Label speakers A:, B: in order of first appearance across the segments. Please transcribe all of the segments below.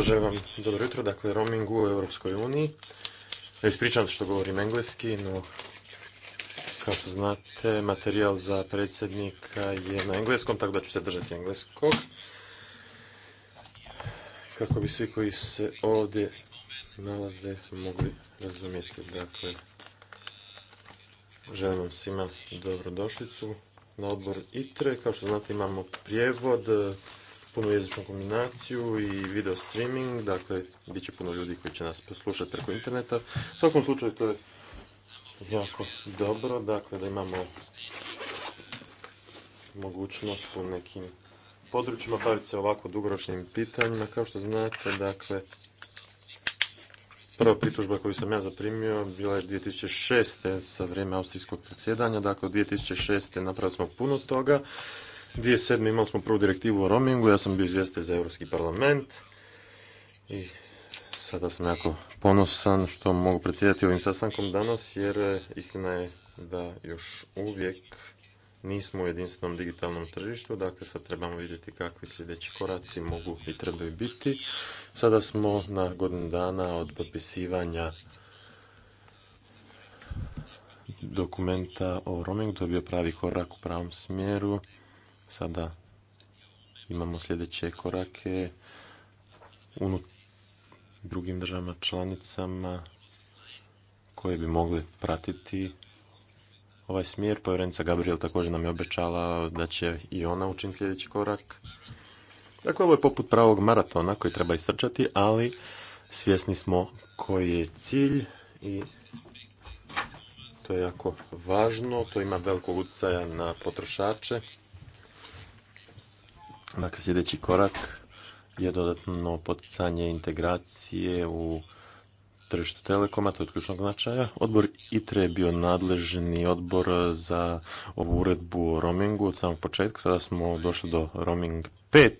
A: vam dobro jutro, dakle roaming u Europskoj uniji. Ja e, ispričavam što govorim engleski, no kao što znate, materijal za predsjednika je na engleskom, tako da ću se držati engleskog. Kako bi svi koji se ovdje nalaze mogli razumjeti. Dakle, želim vam svima dobrodošlicu na odbor ITRE. Kao što znate imamo prijevod punu jezičnu kombinaciju i video streaming, dakle, bit će puno ljudi koji će nas poslušati preko interneta. U svakom slučaju to je jako dobro, dakle, da imamo mogućnost u nekim područjima baviti se ovako dugoročnim pitanjima. Kao što znate, dakle, prva pritužba koju sam ja zaprimio bila je 2006. sa vrijeme austrijskog predsjedanja. Dakle, 2006. napravili smo puno toga 2007. imali smo prvu direktivu o roamingu, ja sam bio izvjestitelj za Europski parlament i sada sam jako ponosan što mogu predsjedati ovim sastankom danas jer e, istina je da još uvijek nismo u jedinstvenom digitalnom tržištu, dakle sad trebamo vidjeti kakvi sljedeći koraci mogu i trebaju biti. Sada smo na godinu dana od potpisivanja dokumenta o roamingu, to je bio pravi korak u pravom smjeru Sada imamo sljedeće korake u drugim državama članicama koje bi mogli pratiti ovaj smjer. Povjerenica Gabriel također nam je obećala da će i ona učiniti sljedeći korak. Dakle, ovo je poput pravog maratona koji treba istrčati, ali svjesni smo koji je cilj i to je jako važno, to ima velikog utjecaja na potrošače. Dakle, sljedeći korak je dodatno poticanje integracije u tržištu telekoma, to je od ključnog značaja. Odbor ITRE je bio nadležni odbor za ovu uredbu o roamingu od samog početka. Sada smo došli do roaming 5.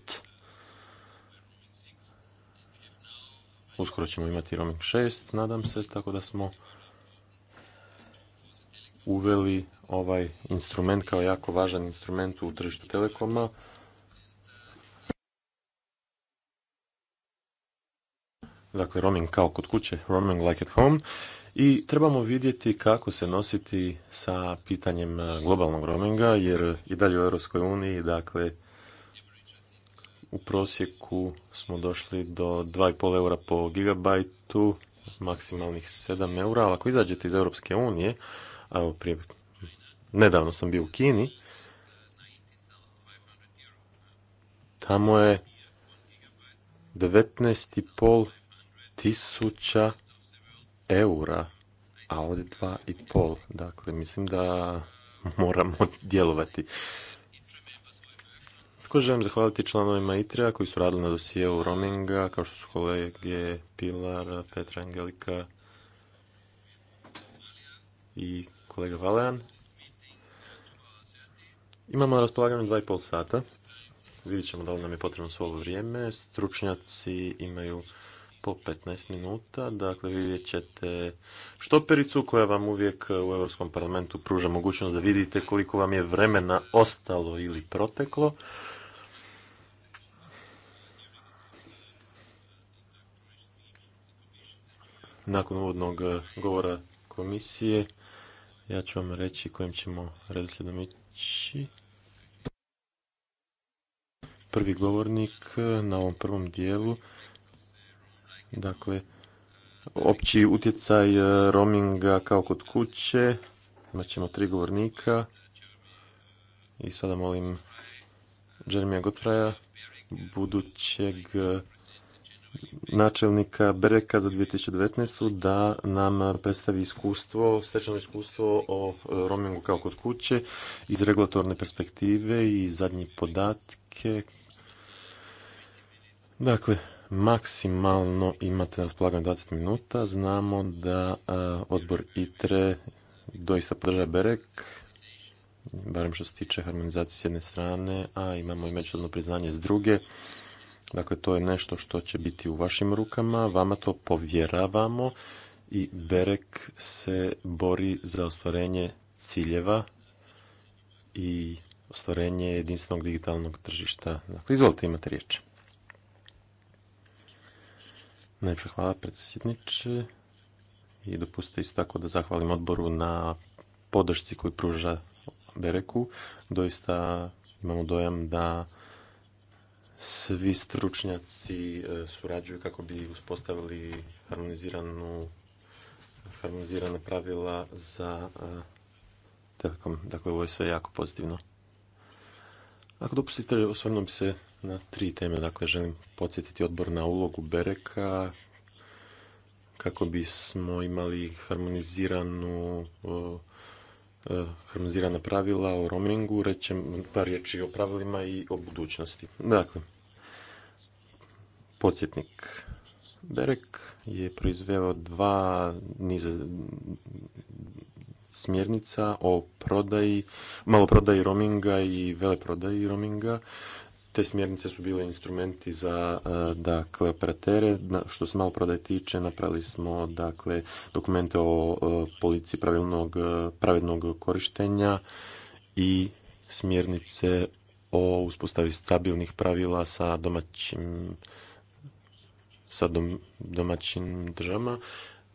A: Uskoro ćemo imati roaming 6, nadam se, tako da smo uveli ovaj instrument kao jako važan instrument u tržištu telekoma dakle roaming kao kod kuće, roaming like at home, i trebamo vidjeti kako se nositi sa pitanjem e, globalnog roaminga, jer i dalje u Europskoj uniji, dakle, u prosjeku smo došli do 2,5 eura po gigabajtu, maksimalnih 7 eura, ali ako izađete iz Europske unije, a evo prije, nedavno sam bio u Kini, tamo je 19,5 tisuća eura, a ovdje dva i pol. Dakle, mislim da moramo djelovati. Tako želim zahvaliti članovima ITRE-a koji su radili na u roaminga, kao što su kolege Pilar, Petra Angelika i kolega Valean. Imamo na raspolaganju pol sata. Vidjet ćemo da li nam je potrebno svoje vrijeme. Stručnjaci imaju po 15 minuta. Dakle, vidjet ćete štopericu koja vam uvijek u Europskom parlamentu pruža mogućnost da vidite koliko vam je vremena ostalo ili proteklo. Nakon uvodnog govora komisije ja ću vam reći kojim ćemo redoslijedom ići. Prvi govornik na ovom prvom dijelu Dakle, opći utjecaj e, roaminga kao kod kuće. Imat ćemo tri govornika. I sada molim Jeremija Gottfraja, budućeg e, načelnika breka za 2019. da nam predstavi iskustvo, stečeno iskustvo o e, roamingu kao kod kuće iz regulatorne perspektive i zadnje podatke. Dakle, maksimalno imate na raspolaganju 20 minuta. Znamo da odbor ITRE doista podržava BEREK, barem što se tiče harmonizacije s jedne strane, a imamo i međusobno priznanje s druge. Dakle, to je nešto što će biti u vašim rukama, vama to povjeravamo i Berek se bori za ostvarenje ciljeva i ostvarenje jedinstvenog digitalnog tržišta. Dakle, izvolite, imate riječ. Najprej hvala predsjedniče i dopustite isto tako da zahvalim odboru na podršci koju pruža Bereku. Doista imamo dojam da svi stručnjaci e, surađuju kako bi uspostavili harmoniziranu harmonizirana pravila za e, Telekom. Dakle, ovo je sve jako pozitivno. Ako dopustite, osvrnuo bi se na tri teme. Dakle, želim podsjetiti odbor na ulogu Bereka kako bismo imali harmoniziranu e, harmonizirana pravila o roamingu, rećem par riječi o pravilima i o budućnosti. Dakle, podsjetnik. Berek je proizveo dva niza smjernica o prodaji, maloprodaji roaminga i veleprodaji roaminga te smjernice su bile instrumenti za e, dakle operatere što se malo prodaje tiče napravili smo dakle dokumente o e, policiji pravilnog e, pravednog korištenja i smjernice o uspostavi stabilnih pravila sa domaćim sa domaćim državama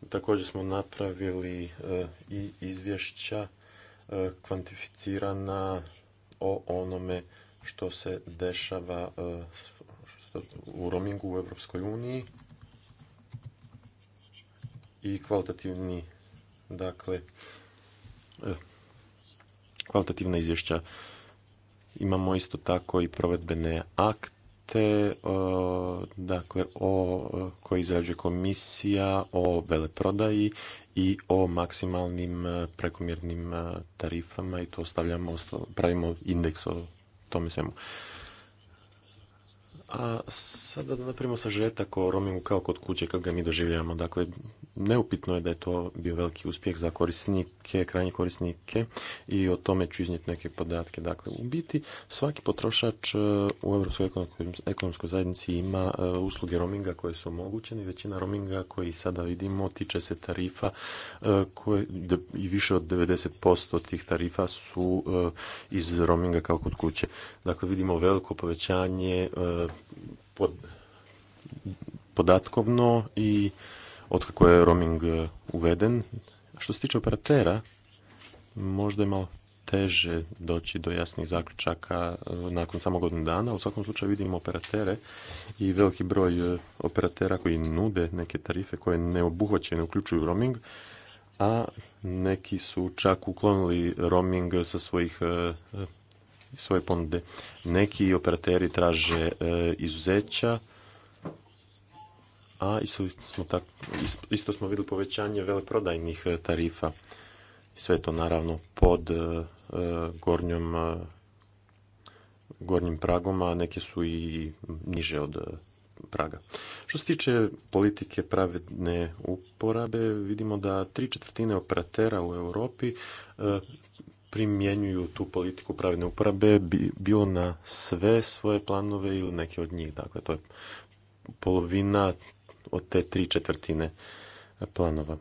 A: također smo napravili i izvješća kvantificirana o onome što se dešava e, u roamingu u Europskoj uniji i kvalitativni dakle e, kvalitativna izvješća imamo isto tako i provedbene akte e, dakle o koji izrađuje komisija o veleprodaji i o maksimalnim prekomjernim tarifama i to ostavljamo, pravimo indeks o tome svemu. A sada da napravimo sažetak o roamingu kao kod kuće kada ga mi doživljamo. Dakle, neupitno je da je to bio veliki uspjeh za korisnike, krajnje korisnike i o tome ću iznijeti neke podatke. Dakle, u biti svaki potrošač e, u Europskoj ekonomskoj zajednici ima e, usluge roaminga koje su omogućene i većina roaminga koji sada vidimo tiče se tarifa e, koje, i više od 90% tih tarifa su iz roaminga kao kod kuće. Dakle, vidimo veliko povećanje pod, podatkovno i otkako je roaming e, uveden. Što se tiče operatera, možda je malo teže doći do jasnih zaključaka e, nakon samo godinu dana. U svakom slučaju vidimo operatere i veliki broj e, operatera koji nude neke tarife koje ne obuhvaćaju, ne uključuju roaming, a neki su čak uklonili roaming sa svojih svoje ponude. Neki operateri traže e, izuzeća, a isto smo, vidjeli povećanje veleprodajnih e, tarifa. Sve to naravno pod e, gornjom gornjim pragom, a neke su i niže od praga. Što se tiče politike pravedne uporabe, vidimo da tri četvrtine operatera u Europi primjenjuju tu politiku pravne uporabe bilo na sve svoje planove ili neke od njih. Dakle, to je polovina od te tri četvrtine planova.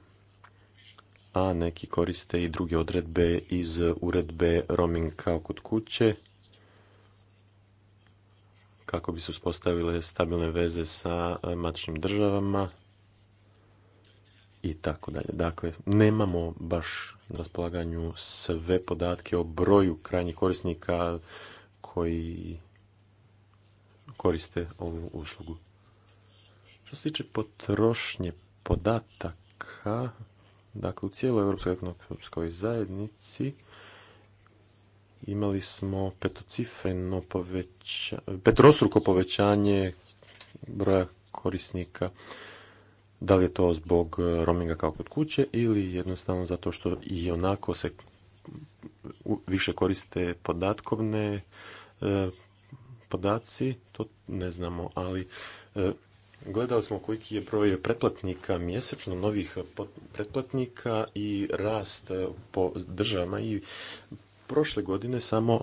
A: A neki koriste i druge odredbe iz uredbe roaming kao kod kuće kako bi se uspostavile stabilne veze sa matičnim državama i tako dalje. Dakle, nemamo baš na raspolaganju sve podatke o broju krajnjih korisnika koji koriste ovu uslugu. Što se tiče potrošnje podataka, dakle u cijeloj Europskoj ekonomskoj zajednici imali smo petocifreno poveća, petrostruko povećanje broja korisnika da li je to zbog e, roaminga kao kod kuće ili jednostavno zato što i onako se više koriste podatkovne e, podaci, to ne znamo, ali e, gledali smo koliki je broj pretplatnika mjesečno, novih pretplatnika i rast po državama i prošle godine samo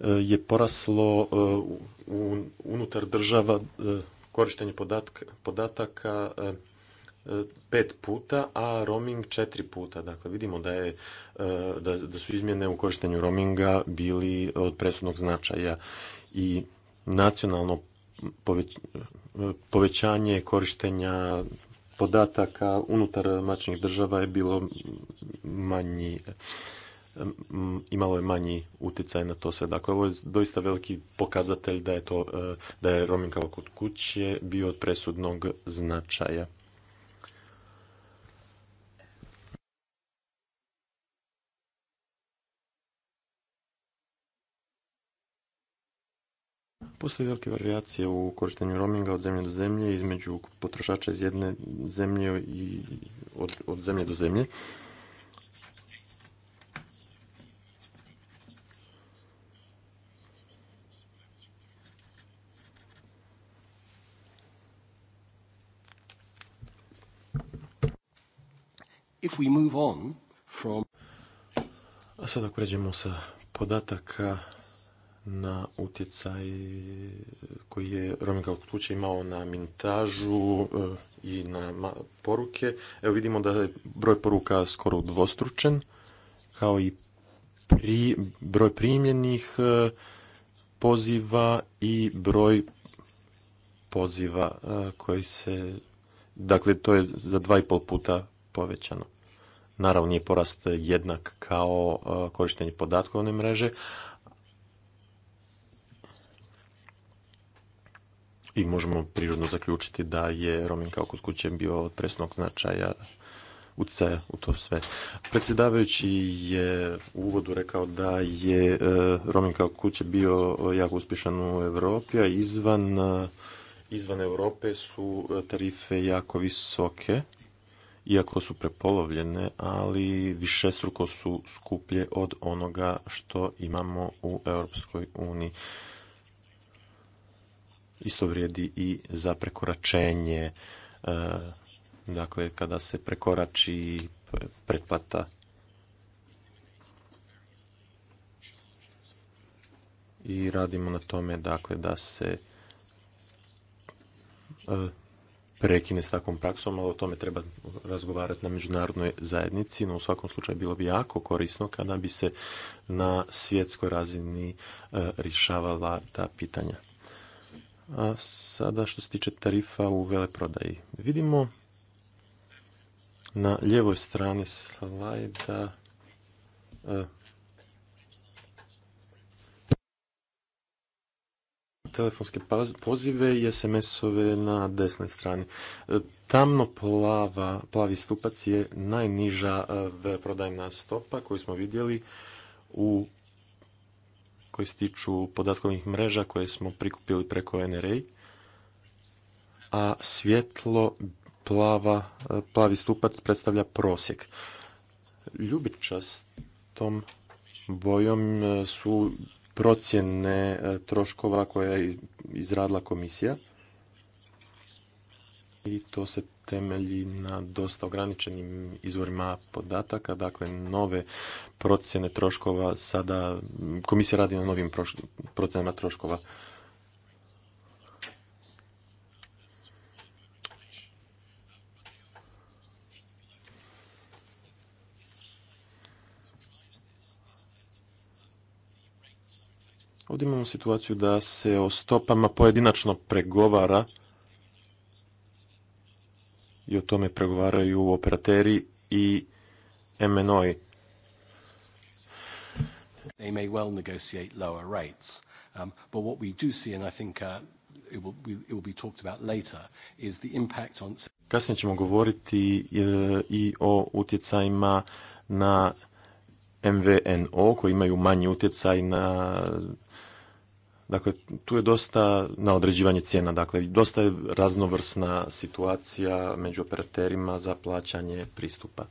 A: je poraslo unutar država korištenje podataka pet puta, a roaming četiri puta. Dakle, vidimo da, je, e, da, da su izmjene u korištenju roaminga bili od presudnog značaja i nacionalno e, povećanje korištenja podataka unutar mačnih država je bilo manji imalo je manji utjecaj na to sve. Dakle, ovo je doista veliki pokazatelj da je, to, e, da je roaming kao kod kuće bio od presudnog značaja. postoje velike varijacije u korištenju roaminga od zemlje do zemlje, između potrošača iz jedne zemlje i od, zemlje do zemlje. If we move on from... pređemo sa podataka na utjecaj koji je Rominga od imao na mintažu eh, i na poruke. Evo vidimo da je broj poruka skoro dvostručen, kao i broj primljenih eh, poziva i broj poziva eh, koji se, dakle to je za dva i pol puta povećano. Naravno nije porast jednak kao korištenje podatkovne mreže, i možemo prirodno zaključiti da je Romin kao kod kuće bio od presnog značaja utjecaja u to sve. Predsjedavajući je u uvodu rekao da je e, Romin kao kuće bio jako uspješan u Europi, a izvan, e, izvan Europe su e, tarife jako visoke, iako su prepolovljene, ali višestruko su skuplje od onoga što imamo u Europskoj uniji isto vrijedi i za prekoračenje, e, dakle kada se prekorači pretplata. I radimo na tome dakle da se e, prekine s takvom praksom, ali o tome treba razgovarati na međunarodnoj zajednici, no u svakom slučaju bilo bi jako korisno kada bi se na svjetskoj razini e, rješavala ta pitanja. A sada što se tiče tarifa u veleprodaji. Vidimo na ljevoj strani slajda e, telefonske pozive i SMS-ove na desnoj strani. E, tamno plavi stupac je najniža e, prodajna stopa koju smo vidjeli u koji se tiču podatkovnih mreža koje smo prikupili preko NRA, a svjetlo plava, e, plavi stupac predstavlja prosjek. Ljubičastom bojom e, su procjene e, troškova koje je izradila komisija i to se temelji na dosta ograničenim izvorima podataka, dakle nove procjene troškova sada, komisija radi na novim procjenama troškova. Ovdje imamo situaciju da se o stopama pojedinačno pregovara i o tome pregovaraju operateri i MNO-i. They may well negotiate lower rates, um, but what we do see, and I think uh, it, will, it will be talked about later, is the impact on... Kasnije ćemo govoriti e, i o utjecajima na MVNO koji imaju manji utjecaj na Dakle, tu je dosta na određivanje cijena, dakle, dosta je raznovrsna situacija među operaterima za plaćanje pristupa.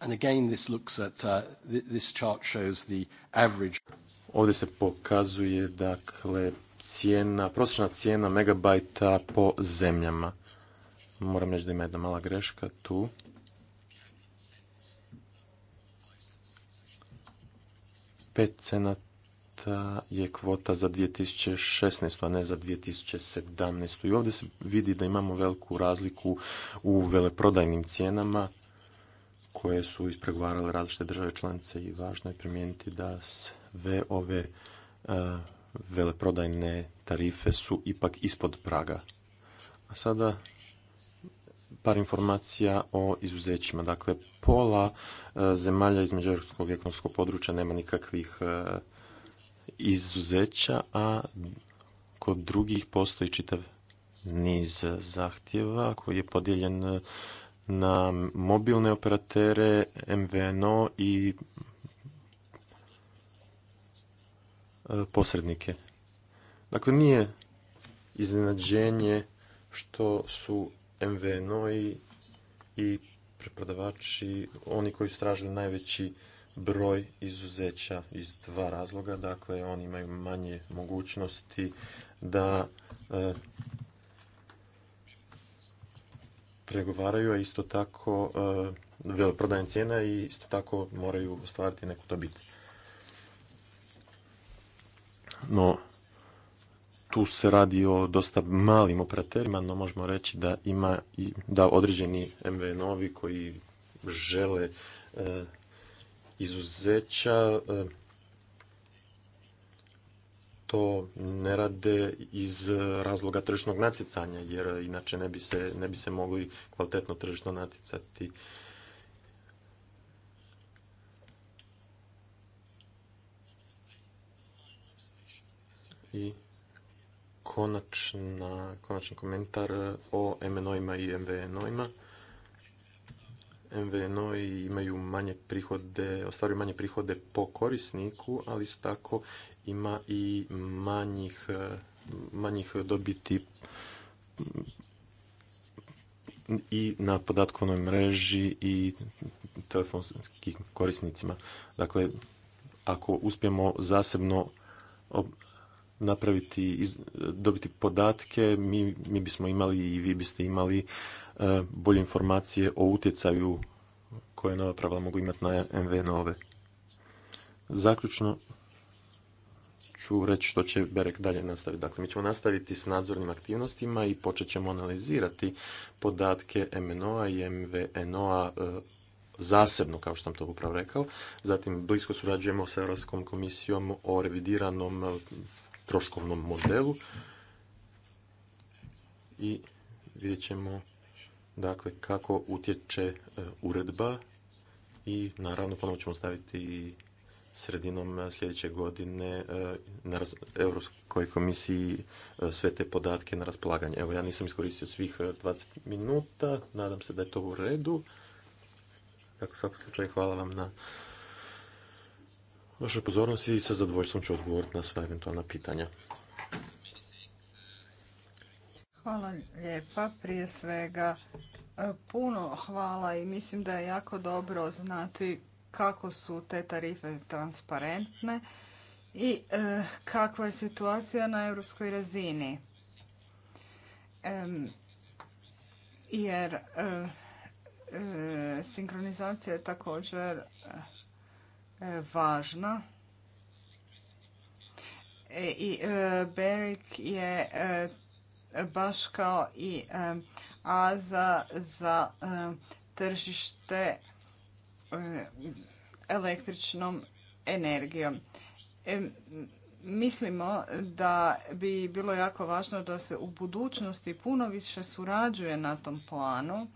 A: And Ovdje se pokazuje, dakle, cijena, prosječna cijena megabajta po zemljama. Moram reći da ima jedna mala greška tu. Pet cenata je kvota za 2016. a ne za 2017. I ovdje se vidi da imamo veliku razliku u veleprodajnim cijenama koje su ispregovarale različite države članice i važno je primijeniti da sve ove e, veleprodajne tarife su ipak ispod praga. A sada par informacija o izuzećima. Dakle, pola e, zemalja iz i ekonomskog područja nema nikakvih e, izuzeća, a kod drugih postoji čitav niz zahtjeva koji je podijeljen na mobilne operatere, MVNO i e, posrednike. Dakle, nije iznenađenje što su MVNO-i i preprodavači, oni koji su tražili najveći broj izuzeća iz dva razloga. Dakle, oni imaju manje mogućnosti da e, pregovaraju, a isto tako e, cijena i isto tako moraju ostvariti neku dobit. No, tu se radi o dosta malim operaterima, no možemo reći da ima i da određeni MVN-ovi koji žele e, izuzeća e, to ne rade iz razloga tržišnog natjecanja jer inače ne bi se, ne bi se mogli kvalitetno tržišno natjecati. I konačni komentar eh, o MNO-ima i MVNO-ima. MVNO-i imaju manje prihode, ostvaruju manje prihode po korisniku, ali isto tako ima i manjih, eh, manjih dobiti i na podatkovnoj mreži i telefonskim korisnicima. Dakle, ako uspijemo zasebno napraviti, dobiti podatke, mi, mi bismo imali i vi biste imali e, bolje informacije o utjecaju koje nova pravila mogu imati na MV nove. Zaključno ću reći što će Berek dalje nastaviti. Dakle, mi ćemo nastaviti s nadzornim aktivnostima i počet ćemo analizirati podatke MNO-a i MVNO-a e, zasebno, kao što sam to upravo rekao. Zatim, blisko surađujemo sa Europskom komisijom o revidiranom troškovnom modelu i vidjet ćemo dakle kako utječe e, uredba i naravno ponovno ćemo staviti sredinom e, sljedeće godine e, na Europskoj komisiji sve te podatke na raspolaganje. Evo, ja nisam iskoristio svih 20 minuta, nadam se da je to u redu. Dakle, svakom hvala vam na Vaša pozornost i sa zadovoljstvom ću odgovoriti na sva eventualna pitanja.
B: Hvala lijepa. Prije svega e, puno hvala i mislim da je jako dobro znati kako su te tarife transparentne i e, kakva je situacija na europskoj razini. jer e, sinkronizacija je također E, važna. E, I e, BERIC je baš kao i Aza za tržište električnom energijom. Mislimo da bi bilo jako važno da se u budućnosti puno više surađuje na tom planu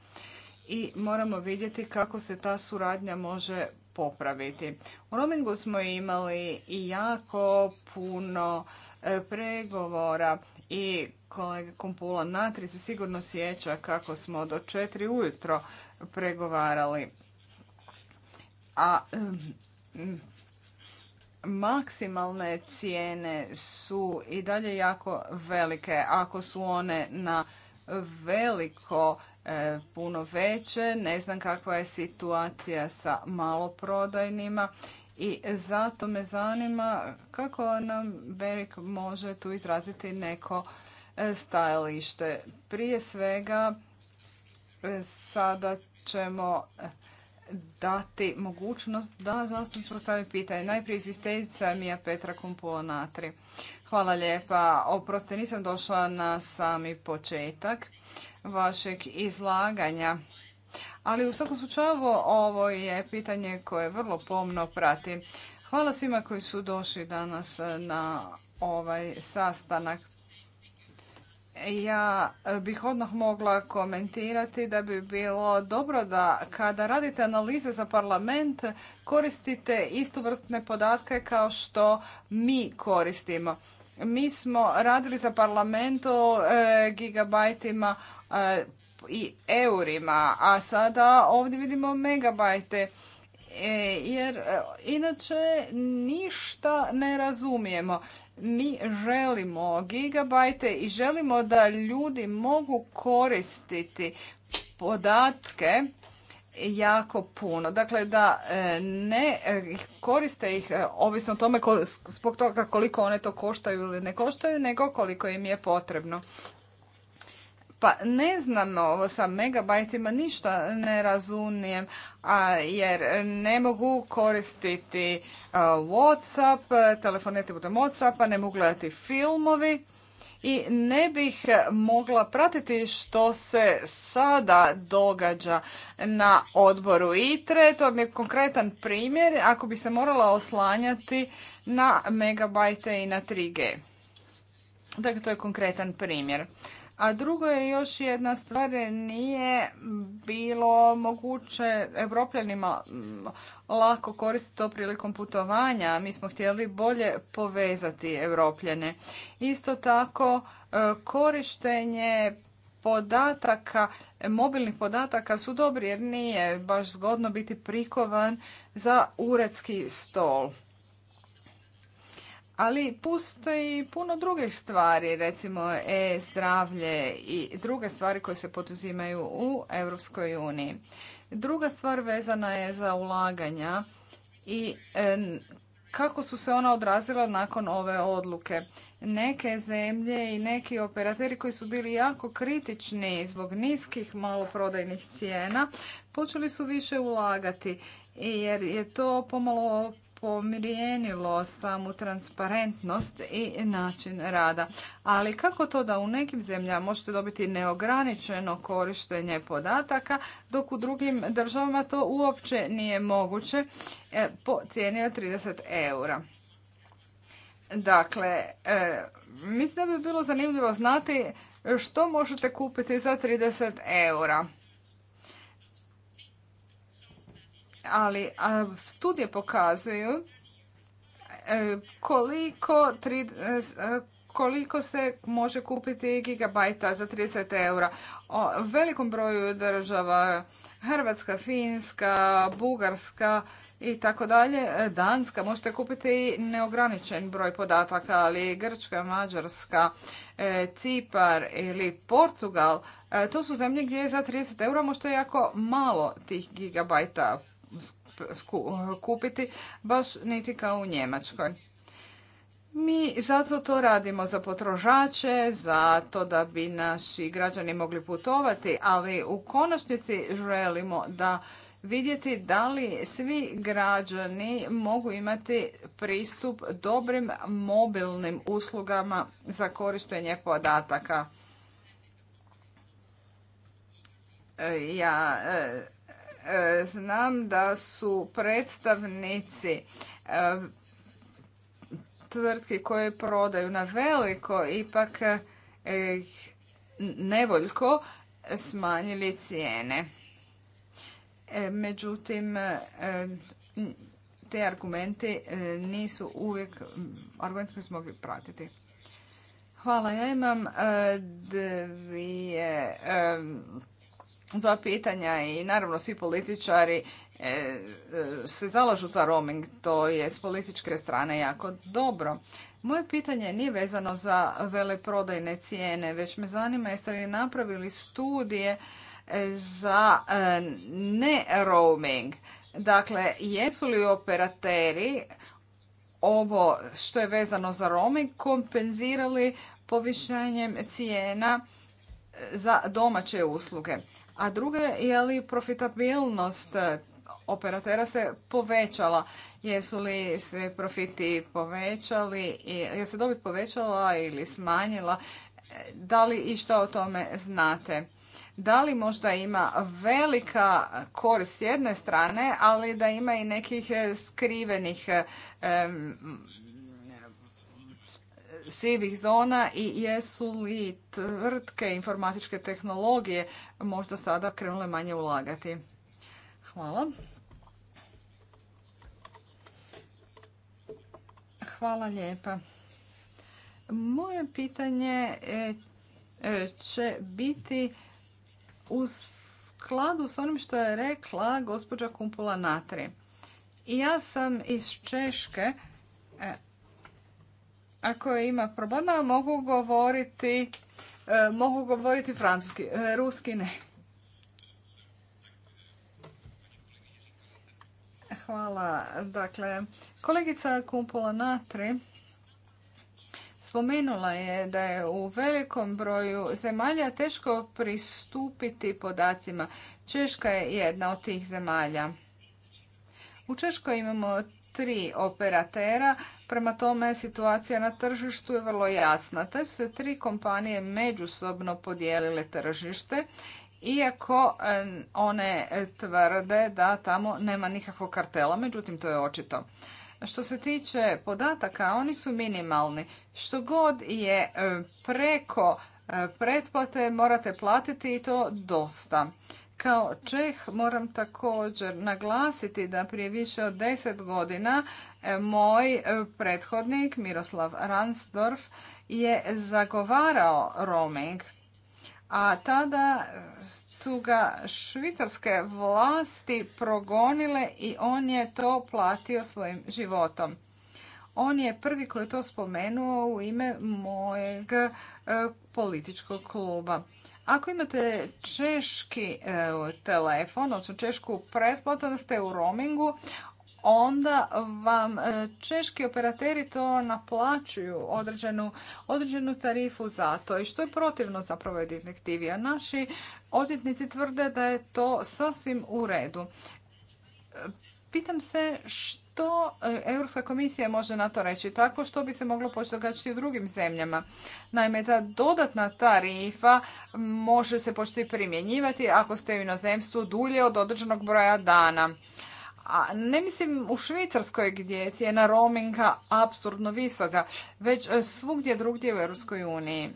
B: i moramo vidjeti kako se ta suradnja može popraviti. U Romingu smo imali i jako puno e, pregovora i kolega Kompula Natri se sigurno sjeća kako smo do četiri ujutro pregovarali. A maksimalne cijene su i dalje jako velike ako su one na veliko E, puno veće. Ne znam kakva je situacija sa maloprodajnima i zato me zanima kako nam Berik može tu izraziti neko e, stajalište. Prije svega e, sada ćemo dati mogućnost da zastupnik postavi pitanje. Najprije mi Mija Petra Kumpula Natri. Hvala lijepa. Oproste, nisam došla na sami početak vašeg izlaganja. Ali u svakom slučaju ovo je pitanje koje vrlo pomno pratim. Hvala svima koji su došli danas e, na ovaj sastanak. Ja bih odmah mogla komentirati da bi bilo dobro da kada radite analize za parlament koristite istovrsne podatke kao što mi koristimo. Mi smo radili za Parlamentu e, gigabajtima E, i eurima, a sada ovdje vidimo megabajte e, jer e, inače ništa ne razumijemo. Mi želimo gigabajte i želimo da ljudi mogu koristiti podatke jako puno. Dakle, da ne koriste ih ovisno o tome zbog toga koliko one to koštaju ili ne koštaju, nego koliko im je potrebno. Pa ne znam ovo sa megabajtima, ništa ne razumijem, a, jer ne mogu koristiti e, Whatsapp, telefoneti putem Whatsappa, ne mogu gledati filmovi i ne bih mogla pratiti što se sada događa na odboru ITRE. To mi je konkretan primjer ako bi se morala oslanjati na megabajte i na 3G. Dakle, to je konkretan primjer. A drugo je još jedna stvar, nije bilo moguće evropljanima mm, lako koristiti to prilikom putovanja. Mi smo htjeli bolje povezati evropljene. Isto tako, e, korištenje podataka, mobilnih podataka su dobri jer nije baš zgodno biti prikovan za uredski stol. Ali postoji puno drugih stvari, recimo e-zdravlje i druge stvari koje se poduzimaju u Europskoj uniji. Druga stvar vezana je za ulaganja i e, kako su se ona odrazila nakon ove odluke. Neke zemlje i neki operateri koji su bili jako kritični zbog niskih maloprodajnih cijena počeli su više ulagati jer je to pomalo pomirijenilo samu transparentnost i način rada. Ali kako to da u nekim zemljama možete dobiti neograničeno korištenje podataka, dok u drugim državama to uopće nije moguće e, po cijeni od 30 eura. Dakle, e, mislim da bi bilo zanimljivo znati što možete kupiti za 30 eura. ali studije pokazuju e, koliko, e, e, koliko se može kupiti gigabajta za 30 eura. O velikom broju država, Hrvatska, Finska, Bugarska i tako dalje, Danska, možete kupiti i neograničen broj podataka, ali Grčka, Mađarska, Cipar ili Portugal, to su zemlje gdje za 30 eura možete jako malo tih gigabajta kupiti, baš niti kao u Njemačkoj. Mi zato to radimo za potrošače, za to da bi naši građani mogli putovati, ali u konačnici želimo da vidjeti da li svi građani mogu imati pristup dobrim mobilnim uslugama za korištenje podataka. Ja e, E, znam da su predstavnici e, tvrtki koje prodaju na veliko ipak e, nevoljko smanjili cijene. Međutim, te argumenti nisu uvijek Argumenti koji smo mogli pratiti. Hvala, ja imam dvije dva pitanja i naravno svi političari e, e, se zalažu za roaming, to je s političke strane jako dobro. Moje pitanje nije vezano za veleprodajne cijene, već me zanima jeste li napravili studije e, za ne roaming. Dakle, jesu li operateri ovo što je vezano za roaming kompenzirali povišanjem cijena za domaće usluge. A druga je, li profitabilnost e, operatera se povećala. Jesu li se profiti povećali, je se dobit povećala ili smanjila? E, da li i što o tome znate? Da li možda ima velika korist s jedne strane, ali da ima i nekih skrivenih e, sivih zona i jesu li tvrtke informatičke tehnologije možda sada krenule manje ulagati? Hvala. Hvala lijepa. Moje pitanje e, e, će biti u skladu s onim što je rekla gospođa Kumpula Natri. Ja sam iz Češke e, ako ima problema mogu govoriti e, mogu govoriti francuski, e, ruski ne. Hvala. Dakle, kolegica Kumpola Natri spomenula je da je u velikom broju zemalja teško pristupiti podacima. Češka je jedna od tih zemalja. U Češkoj imamo tri operatera, Prema tome, situacija na tržištu je vrlo jasna. Te su se tri kompanije međusobno podijelile tržište, iako e, one tvrde da tamo nema nikakvog kartela, međutim to je očito. Što se tiče podataka, oni su minimalni. Što god je e, preko e, pretplate morate platiti i to dosta. Kao Čeh moram također naglasiti da prije više od 10 godina moj e, prethodnik Miroslav Ransdorf je zagovarao roaming, a tada su ga švicarske vlasti progonile i on je to platio svojim životom. On je prvi koji je to spomenuo u ime mojeg e, političkog kluba. Ako imate češki e, telefon, odnosno češku pretplatu, onda ste u roamingu, onda vam e, češki operateri to naplaćuju određenu, određenu tarifu za to i što je protivno zapravo direktivi. A naši odvjetnici tvrde da je to sasvim u redu. E, pitam se što e, Europska komisija može na to reći, tako što bi se moglo početi događati u drugim zemljama. Naime, ta dodatna tarifa može se početi primjenjivati ako ste u inozemstvu dulje od određenog broja dana a ne mislim u Švicarskoj gdje je cijena roaminga apsurdno visoka, već e, svugdje drugdje u Europskoj uniji.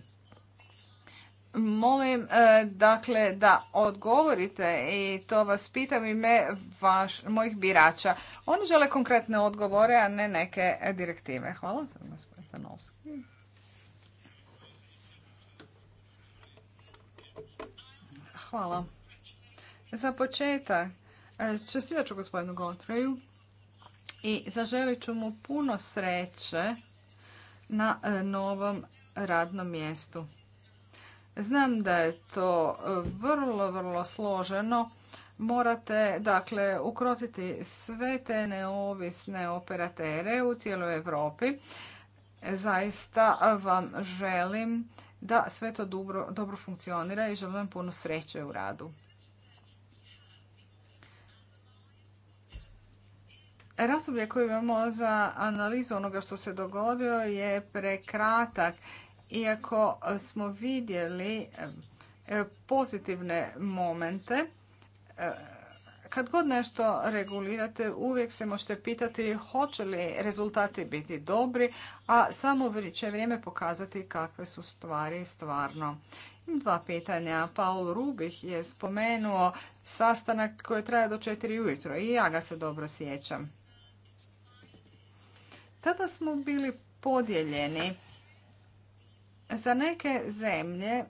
B: Molim e, dakle da odgovorite i to vas pitam ime vaš, mojih birača. Oni žele konkretne odgovore, a ne neke direktive. Hvala Hvala. Za početak E, čestitat ću gospodinu Gotreju i zaželit ću mu puno sreće na e, novom radnom mjestu. Znam da je to e, vrlo, vrlo složeno. Morate, dakle, ukrotiti sve te neovisne operatere u cijeloj Europi. Zaista vam želim da sve to dobro, dobro funkcionira i želim vam puno sreće u radu. Razdoblje koje imamo za analizu onoga što se dogodio je prekratak. Iako smo vidjeli e, pozitivne momente, e, kad god nešto regulirate, uvijek se možete pitati hoće li rezultati biti dobri, a samo će vrijeme pokazati kakve su stvari stvarno. Dva pitanja. Paul Rubih je spomenuo sastanak koji traje do 4 ujutro i ja ga se dobro sjećam. Tada smo bili podijeljeni. Za neke zemlje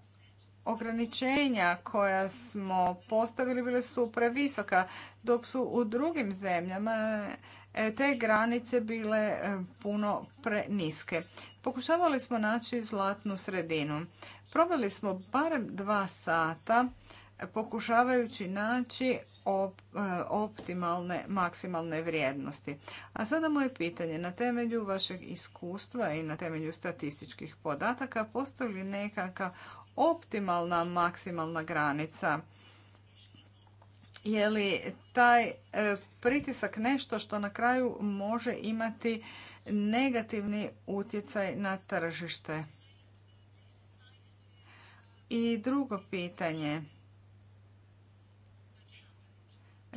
B: ograničenja koja smo postavili bile su previsoka, dok su u drugim zemljama e, te granice bile e, puno preniske. Pokušavali smo naći zlatnu sredinu. Probali smo barem dva sata pokušavajući naći e, optimalne, maksimalne vrijednosti. A sada moje pitanje, na temelju vašeg iskustva i na temelju statističkih podataka, postoji li nekakva optimalna maksimalna granica? Je li taj e, pritisak nešto što na kraju može imati negativni utjecaj na tržište? I drugo pitanje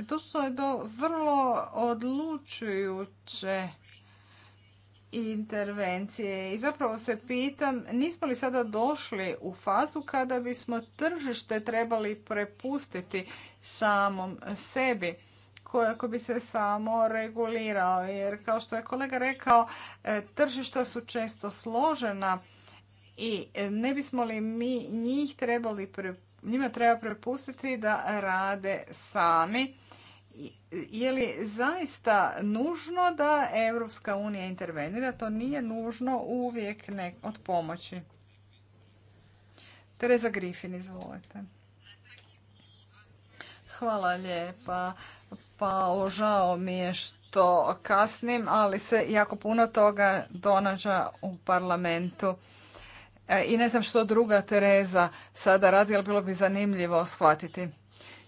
B: to su do vrlo odlučujuće intervencije i zapravo se pitam nismo li sada došli u fazu kada bismo tržište trebali prepustiti samom sebi ako bi se samo regulirao jer kao što je kolega rekao e, tržišta su često složena i ne bismo li mi njih trebali prepustiti njima treba prepustiti da rade sami. Je li zaista nužno da Europska unija intervenira? To nije nužno uvijek od pomoći. Tereza Griffin, izvolite. Hvala lijepa. Pa žao mi je što kasnim, ali se jako puno toga donađa u parlamentu. E, i ne znam što druga Tereza sada radi, ali bilo bi zanimljivo shvatiti.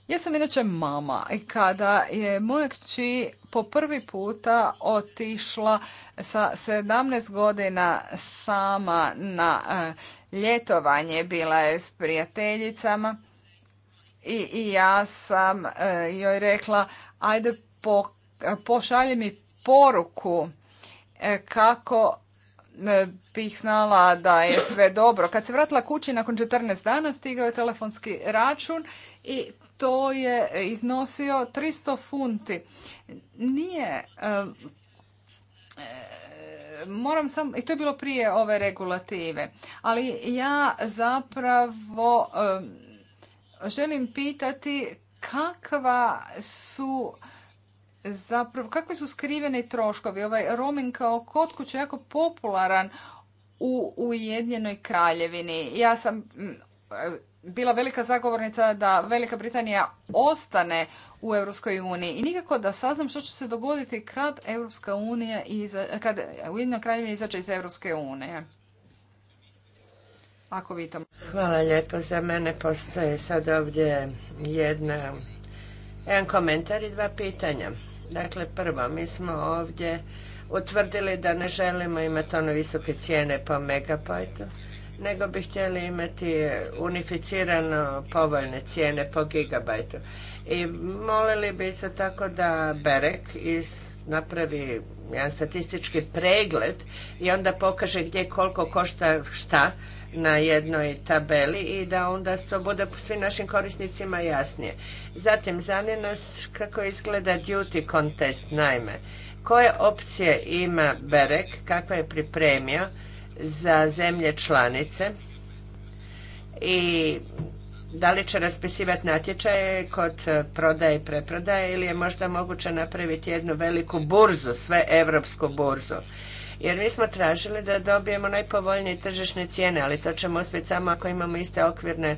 B: Ja sam inače mama i kada je moja kći po prvi puta otišla sa 17 godina sama na e, ljetovanje, bila je s prijateljicama i, ja sam e, joj rekla ajde pošalji mi poruku kako E, bih znala da je sve dobro. Kad se vratila kući nakon 14 dana stigao je telefonski račun i to je iznosio 300 funti. Nije e, e, moram sam, i to je bilo prije ove regulative, ali ja zapravo želim pitati kakva su zapravo kakvi su skriveni troškovi. Ovaj roaming kao kod kuće jako popularan u Ujedinjenoj kraljevini. Ja sam mm, bila velika zagovornica da Velika Britanija ostane u Europskoj uniji i nikako da saznam što će se dogoditi kad Europska unija iza, kad Ujedinjena kraljevina izađe iz Europske unije. Ako vi
C: Hvala lijepo. Za mene postoje sad ovdje jedna, jedan komentar i dva pitanja. Dakle, prvo, mi smo ovdje utvrdili da ne želimo imati one visoke cijene po megabajtu, nego bi htjeli imati unificirano povoljne cijene po gigabajtu. I molili bi se tako da Berek iz napravi jedan statistički pregled i onda pokaže gdje koliko košta šta na jednoj tabeli i da onda to bude svim našim korisnicima jasnije. Zatim, zanima nas kako izgleda duty contest, naime. Koje opcije ima Berek, kako je pripremio za zemlje članice i da li će raspisivati natječaje kod prodaje i preprodaje ili je možda moguće napraviti jednu veliku burzu, sve evropsku burzu jer mi smo tražili da dobijemo najpovoljnije tržišne cijene, ali to ćemo uspjeti samo ako imamo iste okvirne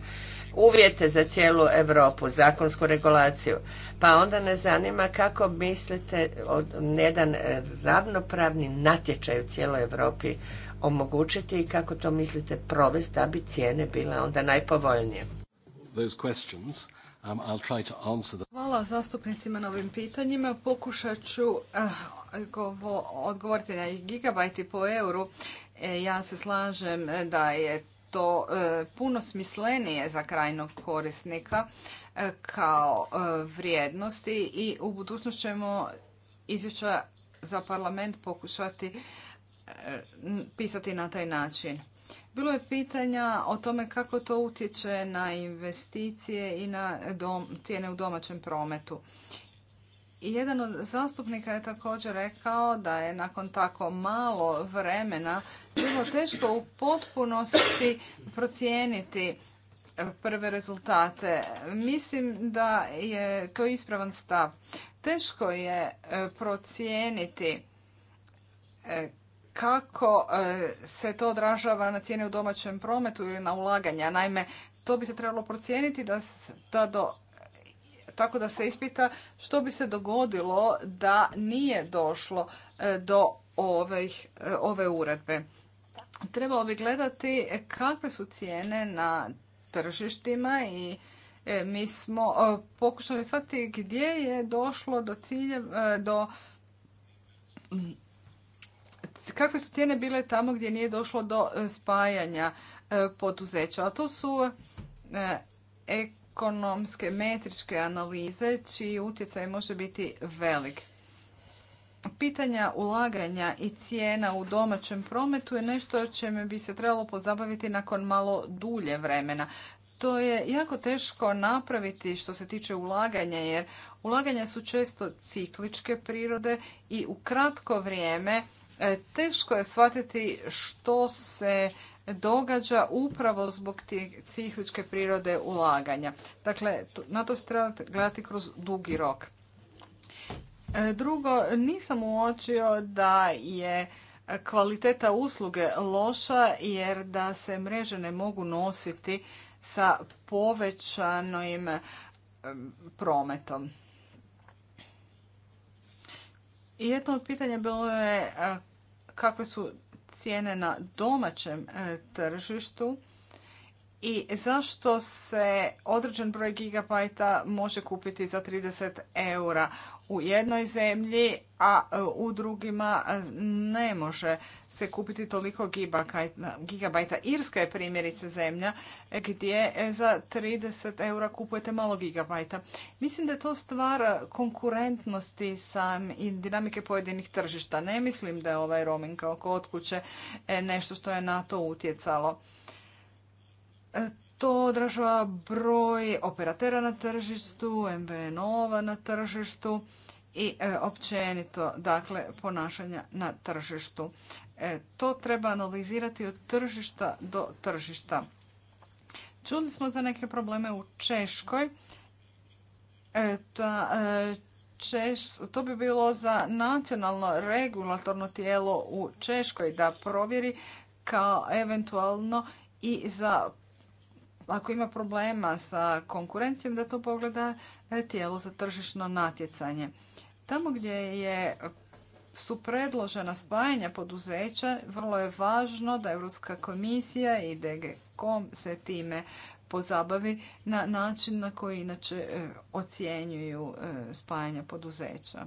C: uvjete za cijelu Europu, zakonsku regulaciju. Pa onda nas zanima kako mislite od jedan e, ravnopravni natječaj u cijeloj Europi omogućiti i kako to mislite provesti da bi cijene bile onda najpovoljnije.
B: Um, Hvala zastupnicima na ovim pitanjima. Pokušat ću eh, odgovoriti na gigabajti po euru, e, ja se slažem e, da je to e, puno smislenije za krajnog korisnika kao vrijednosti i u budućnost ćemo izvješća za parlament pokušati pisati na taj način. Bilo je pitanja o tome kako to utječe na investicije i na cijene u domaćem prometu. Jedan od zastupnika je također rekao da je nakon tako malo vremena bilo teško u potpunosti procijeniti prve rezultate. Mislim da je to ispravan stav. Teško je e, procijeniti e, kako e, se to odražava na cijene u domaćem prometu ili na ulaganja. Naime, to bi se trebalo procijeniti da, da do tako da se ispita što bi se dogodilo da nije došlo e, do e, ove, uredbe. Trebalo bi gledati kakve su cijene na tržištima i e, mi smo pokušali shvatiti gdje je došlo do cilje, do kakve su cijene bile tamo gdje nije došlo do spajanja poduzeća. A to su ekonomske metričke analize čiji utjecaj može biti velik. Pitanja ulaganja i cijena u domaćem prometu je nešto čemu bi se trebalo pozabaviti nakon malo dulje vremena. To je jako teško napraviti što se tiče ulaganja jer ulaganja su često cikličke prirode i u kratko vrijeme e, teško je shvatiti što se događa upravo zbog te cikličke prirode ulaganja. Dakle, na to se treba gledati kroz dugi rok. E, drugo, nisam uočio da je kvaliteta usluge loša jer da se mreže ne mogu nositi sa povećanim e, prometom. jedno od pitanja bilo je e, kakve su cijene na domaćem e, tržištu i zašto se određen broj gigabajta može kupiti za 30 eura u jednoj zemlji, a e, u drugima e, ne može se kupiti toliko gigabajta. Irska je primjerice zemlja e, gdje e, za 30 eura kupujete malo gigabajta. Mislim da je to stvar konkurentnosti sam i dinamike pojedinih tržišta. Ne mislim da je ovaj roaming kao kod kuće e, nešto što je na to utjecalo. To odražava broj operatera na tržištu, MVNO-ova na tržištu i općenito dakle ponašanja na tržištu. E, to treba analizirati od tržišta do tržišta. Čuli smo za neke probleme u Češkoj. E, e, to bi bilo za nacionalno regulatorno tijelo u Češkoj da provjeri kao eventualno i za ako ima problema sa konkurencijom da to pogleda tijelo za tržišno natjecanje. Tamo gdje je su predložena spajanja poduzeća, vrlo je važno da Europska komisija i DGCOM se time pozabavi na način na koji inače e, ocjenjuju e, spajanja poduzeća.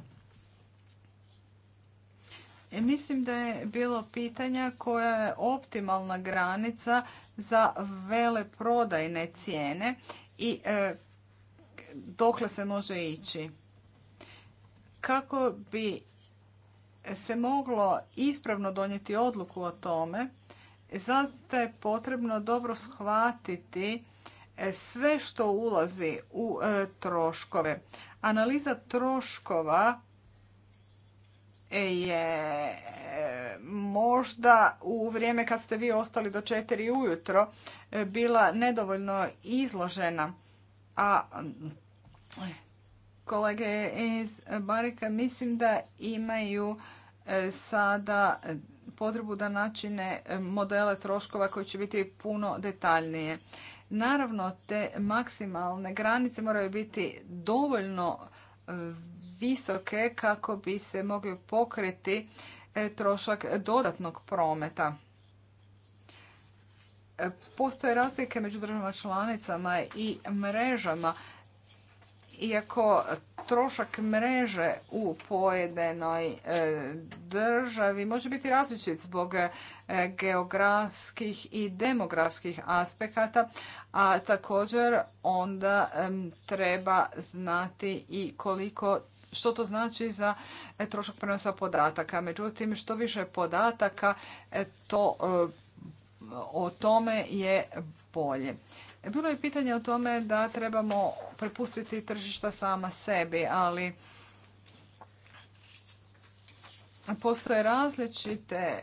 B: E, mislim da je bilo pitanja koja je optimalna granica za veleprodajne cijene i dokle se može ići. Kako bi se moglo ispravno donijeti odluku o tome, zato je potrebno dobro shvatiti e, sve što ulazi u e, troškove. Analiza troškova e, je možda u vrijeme kad ste vi ostali do četiri ujutro bila nedovoljno izložena. A kolege iz Barika mislim da imaju sada potrebu da načine modele troškova koji će biti puno detaljnije. Naravno, te maksimalne granice moraju biti dovoljno visoke kako bi se mogli pokriti e, trošak dodatnog prometa. E, postoje razlike među državama članicama i mrežama iako trošak mreže u pojedinoj e, državi može biti različit zbog e, geografskih i demografskih aspekata, a također onda treba znati i koliko što to znači za e, trošak prenosa podataka. Međutim, što više podataka, to o tome je bolje. E, bilo je pitanje o tome da trebamo prepustiti tržišta sama sebi, ali postoje različite e,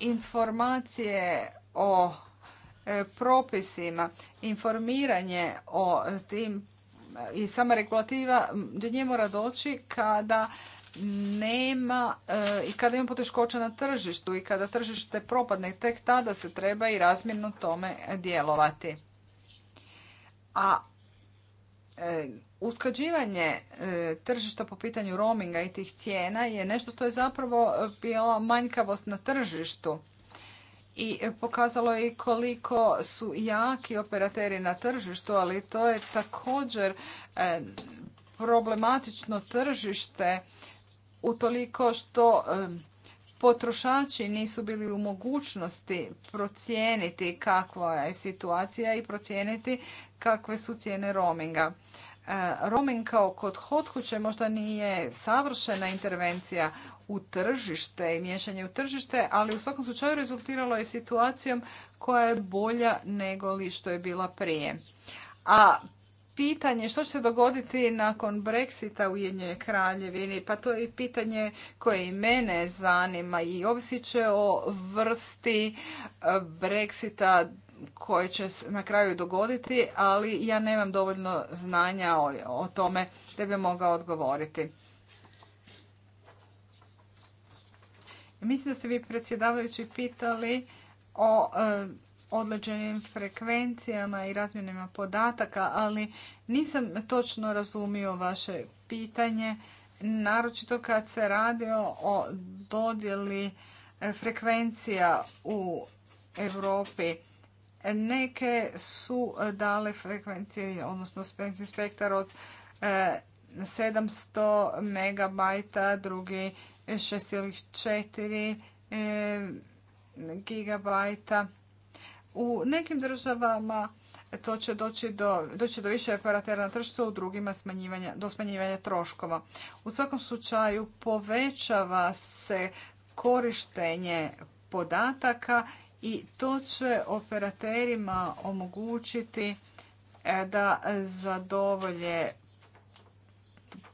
B: informacije o e, propisima, informiranje o tim i sama regulativa do nje mora doći kada nema e, i kada ima poteškoća na tržištu i kada tržište propadne, tek tada se treba i razmjerno tome djelovati. A e, Usklađivanje e, tržišta po pitanju roaminga i tih cijena je nešto što je zapravo bila manjkavost na tržištu i pokazalo je koliko su jaki operateri na tržištu, ali to je također problematično tržište utoliko što potrošači nisu bili u mogućnosti procijeniti kakva je situacija i procijeniti kakve su cijene roaminga. E, roaming kao kod hod kuće možda nije savršena intervencija u tržište i miješanje u tržište, ali u svakom slučaju rezultiralo je situacijom koja je bolja nego li što je bila prije. A pitanje što će se dogoditi nakon Brexita u Jednoj Kraljevini, pa to je pitanje koje i mene zanima i ovisit će o vrsti e, Brexita koje će se na kraju dogoditi, ali ja nemam dovoljno znanja o, tome da bi mogao odgovoriti. Mislim da ste vi predsjedavajući pitali o e, određenim frekvencijama i razmjenama podataka, ali nisam točno razumio vaše pitanje, naročito kad se radi o dodjeli e, frekvencija u Europi. Neke su e, dale frekvencije, odnosno spektar od 700 e, megabajta, drugi 6,4 gigabajta u nekim državama to će doći do, doći do više operatera na tržištu, u drugima smanjivanja, do smanjivanja troškova. U svakom slučaju povećava se korištenje podataka i to će operaterima omogućiti e, da zadovolje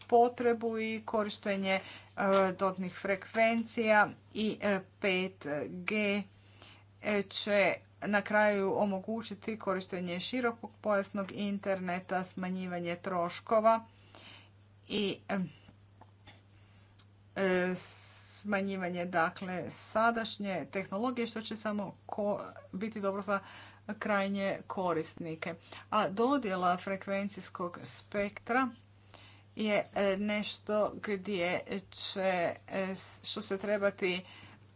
B: potrebu i korištenje e, dodnih frekvencija i 5G e, će na kraju omogućiti korištenje širokog pojasnog interneta, smanjivanje troškova i e, smanjivanje dakle sadašnje tehnologije što će samo biti dobro za krajnje korisnike. A dodjela frekvencijskog spektra je e, nešto gdje će, e, što se trebati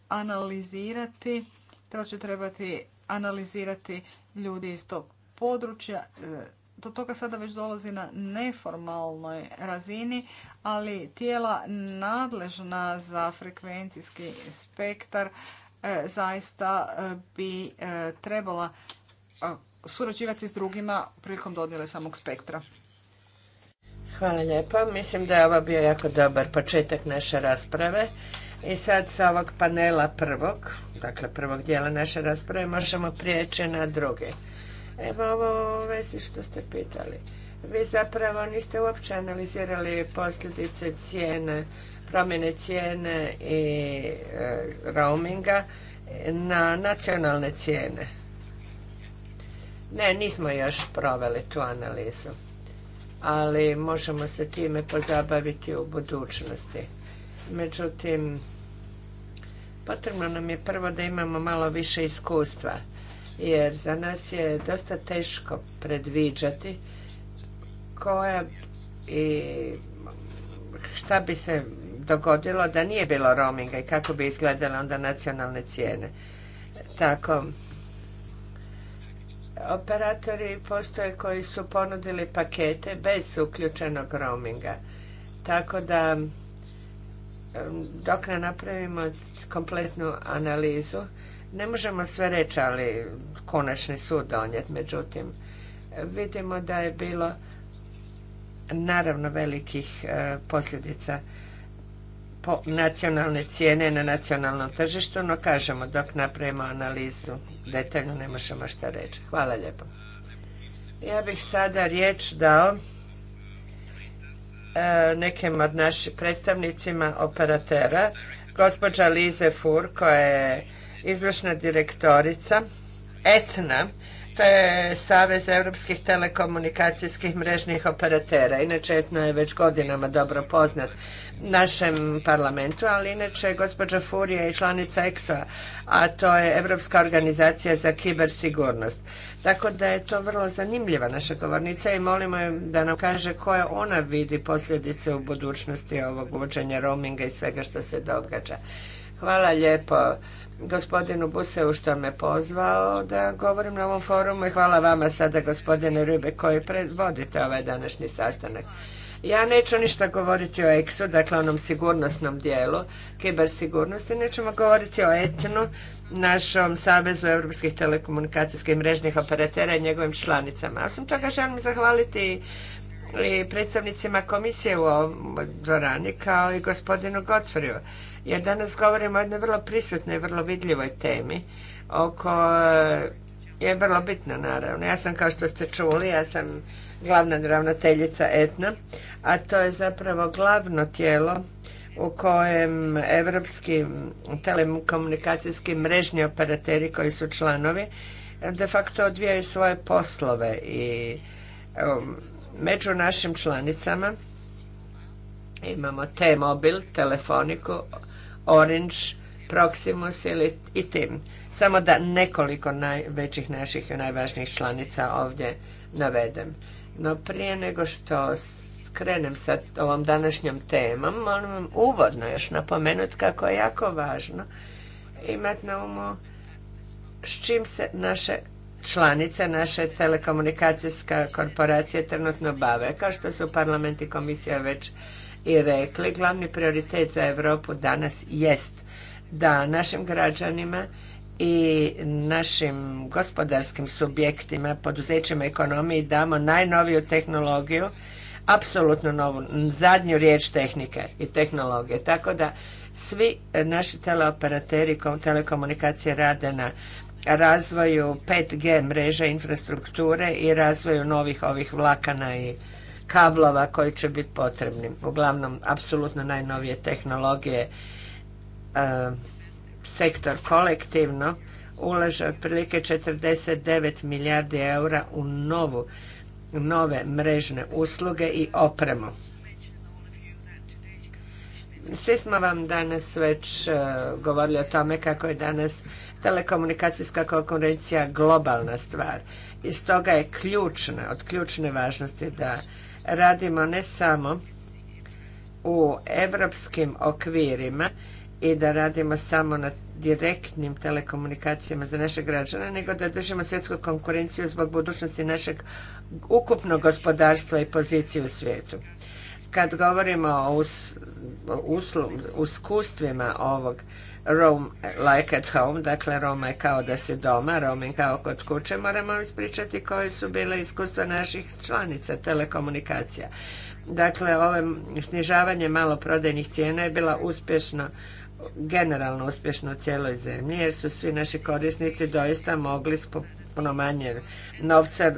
B: analizirati, to će trebati analizirati ljudi iz tog područja. E, do toga sada već dolazi na neformalnoj razini, ali tijela nadležna za frekvencijski spektar e, zaista e, bi trebala surađivati s drugima prilikom dodjele samog spektra.
C: Hvala lijepa. Mislim da je ovo bio jako dobar početak naše rasprave i sad sa ovog panela prvog, dakle prvog dijela naše rasprave, možemo prijeći na druge. Evo ovo u vezi što ste pitali. Vi zapravo niste uopće analizirali posljedice cijene, promjene cijene i e, roaminga na nacionalne cijene. Ne, nismo još proveli tu analizu, ali možemo se time pozabaviti u budućnosti međutim potrebno nam je prvo da imamo malo više iskustva jer za nas je dosta teško predviđati koja i šta bi se dogodilo da nije bilo roaminga i kako bi izgledale onda nacionalne cijene. Tako, operatori postoje koji su ponudili pakete bez uključenog roaminga. Tako da dok ne napravimo kompletnu analizu, ne možemo sve reći, ali konačni sud donijeti. Međutim, vidimo da je bilo naravno velikih e, posljedica po nacionalne cijene na nacionalnom tržištu, no kažemo dok napravimo analizu detaljno ne možemo šta reći. Hvala lijepo. Ja bih sada riječ dao E, nekim od naših predstavnicima operatera, gospođa Lize Fur koja je izvršna direktorica Etna je Savez europskih telekomunikacijskih mrežnih operatera. Inače, etno je već godinama dobro poznat našem parlamentu, ali inače gospođa Furija je članica EXO-a, a to je Europska organizacija za kibersigurnost. Tako da je to vrlo zanimljiva naša govornica i molimo je da nam kaže koje ona vidi posljedice u budućnosti ovog uvođenja roaminga i svega što se događa. Hvala lijepo gospodinu Buseu što me pozvao da govorim na ovom forumu i hvala vama sada gospodine Rube koji predvodite ovaj današnji sastanak. Ja neću ništa govoriti o eksu dakle onom sigurnosnom dijelu, kibersigurnosti, nećemo govoriti o etnu, našom Savezu europskih telekomunikacijskih mrežnih operatera i njegovim članicama. Osim toga želim zahvaliti i predstavnicima komisije u ovoj dvorani kao i gospodinu Gotfriju. Jer danas govorimo o jednoj vrlo prisutnoj i vrlo vidljivoj temi oko je vrlo bitna naravno. Ja sam kao što ste čuli, ja sam glavna ravnateljica Etna, a to je zapravo glavno tijelo u kojem evropski telekomunikacijski mrežni operateri koji su članovi de facto odvijaju svoje poslove i um, Među našim članicama imamo T-Mobil, Telefoniku, Orange, Proximus ili i Tim. Samo da nekoliko najvećih naših i najvažnijih članica ovdje navedem. No prije nego što krenem sa ovom današnjom temom, molim vam uvodno još napomenuti kako je jako važno imati na umu s čim se naše članice naše telekomunikacijska korporacija trenutno bave. Kao što su parlament i komisija već i rekli, glavni prioritet za Europu danas jest da našim građanima i našim gospodarskim subjektima, poduzećima ekonomiji damo najnoviju tehnologiju, apsolutno novu, zadnju riječ tehnike i tehnologije. Tako da svi naši teleoperateri telekomunikacije rade na razvoju 5G mreže infrastrukture i razvoju novih ovih vlakana i kablova koji će biti potrebni. Uglavnom, apsolutno najnovije tehnologije e, sektor kolektivno ulaže otprilike 49 milijardi eura u novu, nove mrežne usluge i opremu. Svi smo vam danas već e, govorili o tome kako je danas Telekomunikacijska konkurencija globalna stvar i stoga je ključna, od ključne važnosti da radimo ne samo u europskim okvirima i da radimo samo na direktnim telekomunikacijama za naše građane, nego da držimo svjetsku konkurenciju zbog budućnosti našeg ukupnog gospodarstva i pozicije u svijetu. Kad govorimo o uskustvima ovog roam like at home, dakle Roma je kao da si doma, je kao kod kuće, moramo ispričati koje su bile iskustva naših članica telekomunikacija. Dakle, ovo snižavanje maloprodajnih cijena je bila uspješno generalno uspješno u cijeloj zemlji jer su svi naši korisnici doista mogli puno manje novca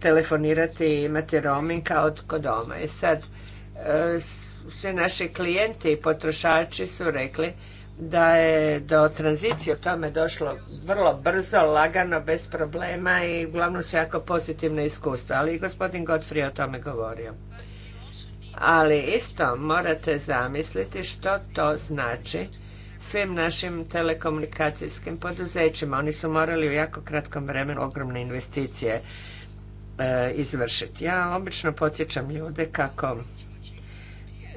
C: telefonirati i imati roaming kao kod doma. I e sad e, svi naši klijenti i potrošači su rekli da je do tranzicije tome došlo vrlo brzo, lagano, bez problema i uglavnom su jako pozitivne iskustva. Ali i gospodin je o tome govorio. Ali isto morate zamisliti što to znači svim našim telekomunikacijskim poduzećima. Oni su morali u jako kratkom vremenu ogromne investicije e, izvršiti. Ja obično podsjećam ljude kako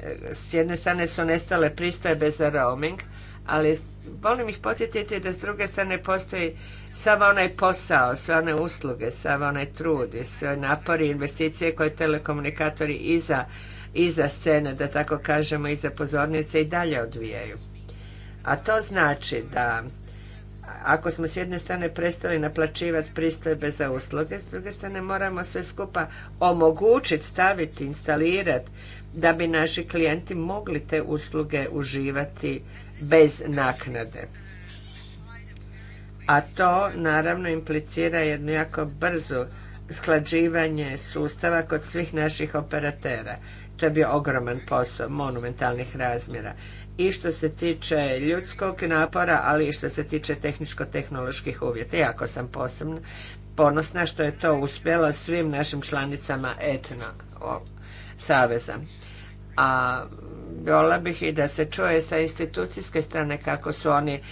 C: e, s jedne strane su nestale pristojbe za roaming, ali volim ih podsjetiti da s druge strane postoji sav onaj posao, sve one usluge, sav onaj trud i sve napori i investicije koje telekomunikatori iza, iza scene, da tako kažemo, iza pozornice i dalje odvijaju. A to znači da ako smo s jedne strane prestali naplaćivati pristojbe za usluge, s druge strane moramo sve skupa omogućiti, staviti, instalirati da bi naši klijenti mogli te usluge uživati bez naknade. A to naravno implicira jednu jako brzo sklađivanje sustava kod svih naših operatera. To je bio ogroman posao, monumentalnih razmjera. I što se tiče ljudskog napora, ali i što se tiče tehničko-tehnoloških uvjeta. Jako sam posebno ponosna što je to uspjelo svim našim članicama etno saveza a vola bih i da se čuje sa institucijske strane kako su oni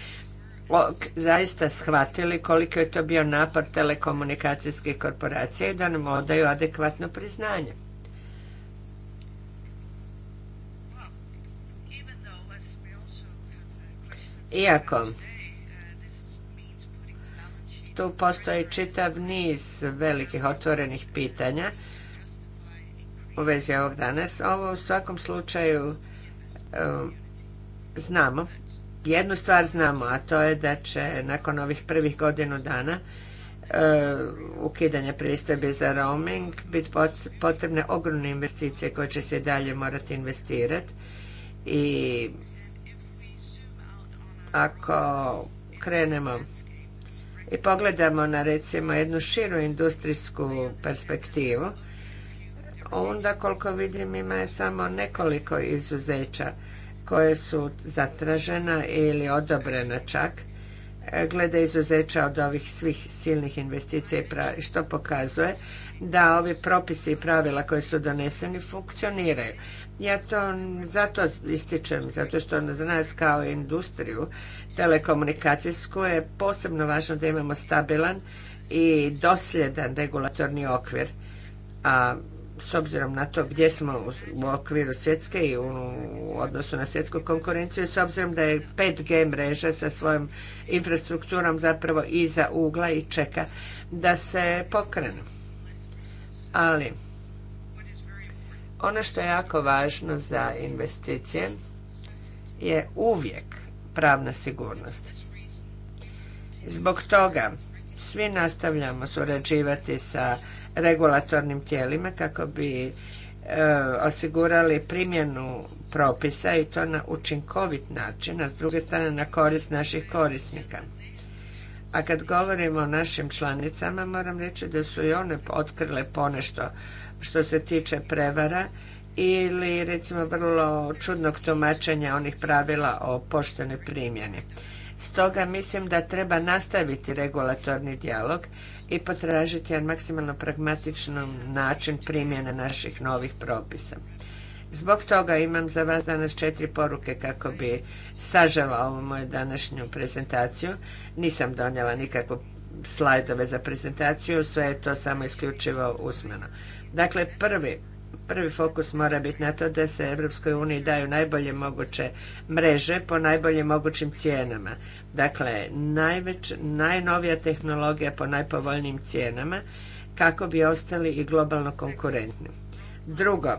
C: zaista shvatili koliko je to bio napor telekomunikacijskih korporacija i da nam odaju adekvatno priznanje. Iako tu postoji čitav niz velikih otvorenih pitanja u vezi ovog danas. Ovo u svakom slučaju ehm, znamo. Jednu stvar znamo, a to je da će nakon ovih prvih godinu dana ehm, ukidanje ukidanja pristojbe za roaming biti potrebne ogromne investicije koje će se dalje morati investirati i ako krenemo i pogledamo na recimo jednu širu industrijsku perspektivu onda koliko vidim ima je samo nekoliko izuzeća koje su zatražena ili odobrena čak e, glede izuzeća od ovih svih silnih investicija što pokazuje da ovi propisi i pravila koji su doneseni funkcioniraju. Ja to zato ističem, zato što za nas kao industriju telekomunikacijsku je posebno važno da imamo stabilan i dosljedan regulatorni okvir. A s obzirom na to gdje smo u okviru svjetske i u odnosu na svjetsku konkurenciju, s obzirom da je 5G mreža sa svojom infrastrukturom zapravo iza ugla i čeka da se pokrenu Ali, ono što je jako važno za investicije je uvijek pravna sigurnost. Zbog toga svi nastavljamo surađivati sa regulatornim tijelima kako bi e, osigurali primjenu propisa i to na učinkovit način, a s druge strane na korist naših korisnika. A kad govorimo o našim članicama, moram reći da su i one otkrile ponešto što se tiče prevara ili recimo vrlo čudnog tumačenja onih pravila o poštenoj primjeni. Stoga mislim da treba nastaviti regulatorni dijalog i potražiti jedan maksimalno pragmatičan način primjene naših novih propisa. Zbog toga imam za vas danas četiri poruke kako bi sažela ovu moju današnju prezentaciju. Nisam donijela nikakve slajdove za prezentaciju, sve je to samo isključivo usmeno. Dakle, prvi prvi fokus mora biti na to da se Europskoj uniji daju najbolje moguće mreže po najboljim mogućim cijenama. Dakle, najveć, najnovija tehnologija po najpovoljnijim cijenama kako bi ostali i globalno konkurentni. Drugo,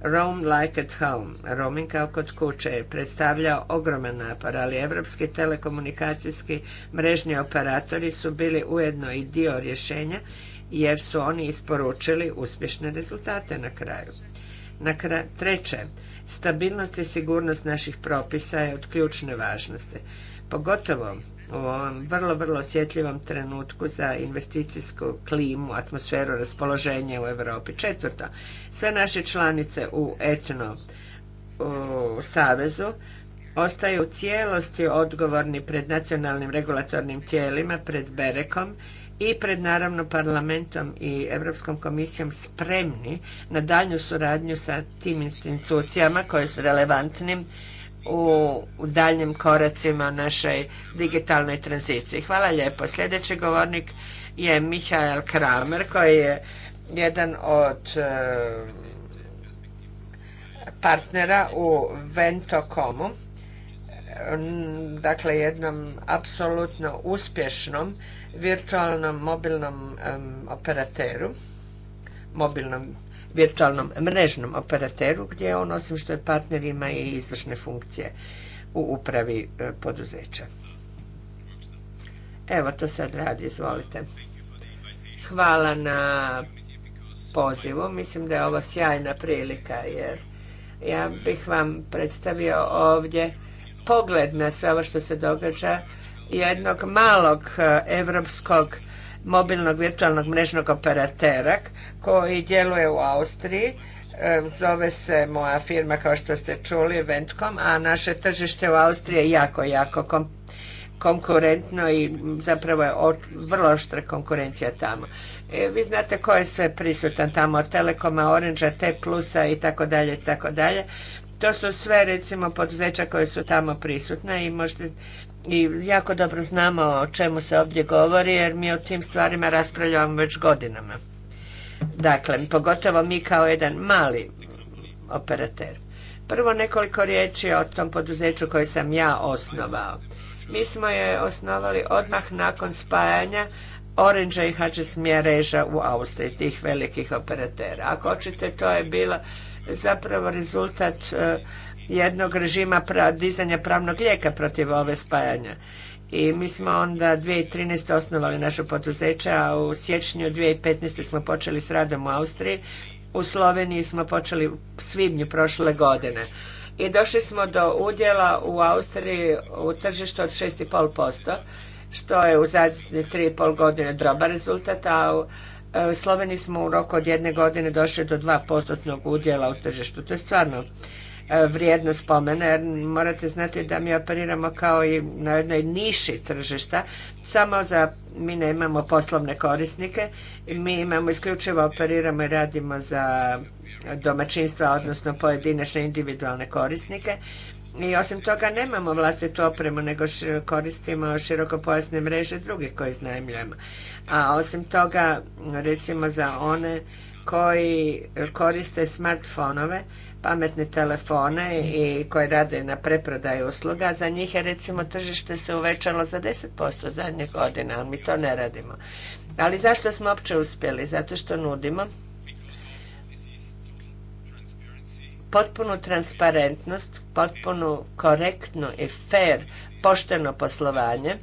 C: Roam like at home, roaming kao kod kuće, je predstavljao ogroman napor, ali evropski telekomunikacijski mrežni operatori su bili ujedno i dio rješenja jer su oni isporučili uspješne rezultate na kraju. Na treće, stabilnost i sigurnost naših propisa je od ključne važnosti, pogotovo u ovom vrlo, vrlo osjetljivom trenutku za investicijsku klimu, atmosferu, raspoloženje u Europi. Četvrto, sve naše članice u etno u savezu ostaju u cijelosti odgovorni pred nacionalnim regulatornim tijelima, pred Berekom i pred naravno parlamentom i Europskom komisijom spremni na daljnju suradnju sa tim institucijama koje su relevantnim u daljnjim koracima našoj digitalnoj tranziciji. Hvala lijepo. Sljedeći govornik je Mihael Kramer koji je jedan od e, partnera u Ventocomu, dakle jednom apsolutno uspješnom virtualnom mobilnom um, operateru, mobilnom virtualnom mrežnom operateru gdje on osim što je partner ima i izvršne funkcije u upravi e, poduzeća. Evo to sad radi, izvolite. Hvala na pozivu. Mislim da je ovo sjajna prilika jer ja bih vam predstavio ovdje pogled na sve ovo što se događa jednog malog europskog mobilnog virtualnog mrežnog operatera koji djeluje u Austriji. E, zove se moja firma, kao što ste čuli, Ventcom, a naše tržište u Austriji je jako, jako konkurentno i zapravo je vrlo oštra konkurencija tamo. E, vi znate ko je sve prisutan tamo, od Telekoma, Orange, T-plusa i tako dalje, tako dalje. To su sve recimo poduzeća koje su tamo prisutna i možete i jako dobro znamo o čemu se ovdje govori jer mi o tim stvarima raspravljamo već godinama. Dakle, pogotovo mi kao jedan mali operater. Prvo nekoliko riječi o tom poduzeću koje sam ja osnovao. Mi smo je osnovali odmah nakon spajanja Orange i HGS mreža u Austriji, tih velikih operatera. Ako hoćete, to je bilo zapravo rezultat e, jednog režima dizanja pravnog lijeka protiv ove spajanja. I mi smo onda 2013. osnovali naše poduzeće, a u siječnju 2015. smo počeli s radom u Austriji. U Sloveniji smo počeli u svibnju prošle godine. I došli smo do udjela u Austriji u tržištu od 6,5%, što je u zadnje 3,5 godine dobar rezultat, a e, u Sloveniji smo u roku od jedne godine došli do 2% udjela u tržištu. To je stvarno E, vrijedno spomena, jer morate znati da mi operiramo kao i na jednoj niši tržišta, samo za, mi nemamo poslovne korisnike, mi imamo isključivo operiramo i radimo za domaćinstva, odnosno pojedinačne individualne korisnike, i osim toga nemamo vlastitu opremu, nego koristimo širokopojasne mreže drugih koje iznajmljujemo. A osim toga, recimo za one koji koriste smartfonove, pametne telefone i koji rade na preprodaju usluga, za njih je recimo tržište se uvećalo za 10% zadnjih godina, ali mi to ne radimo. Ali zašto smo opće uspjeli? Zato što nudimo potpunu transparentnost, potpunu korektnu i fair, pošteno poslovanje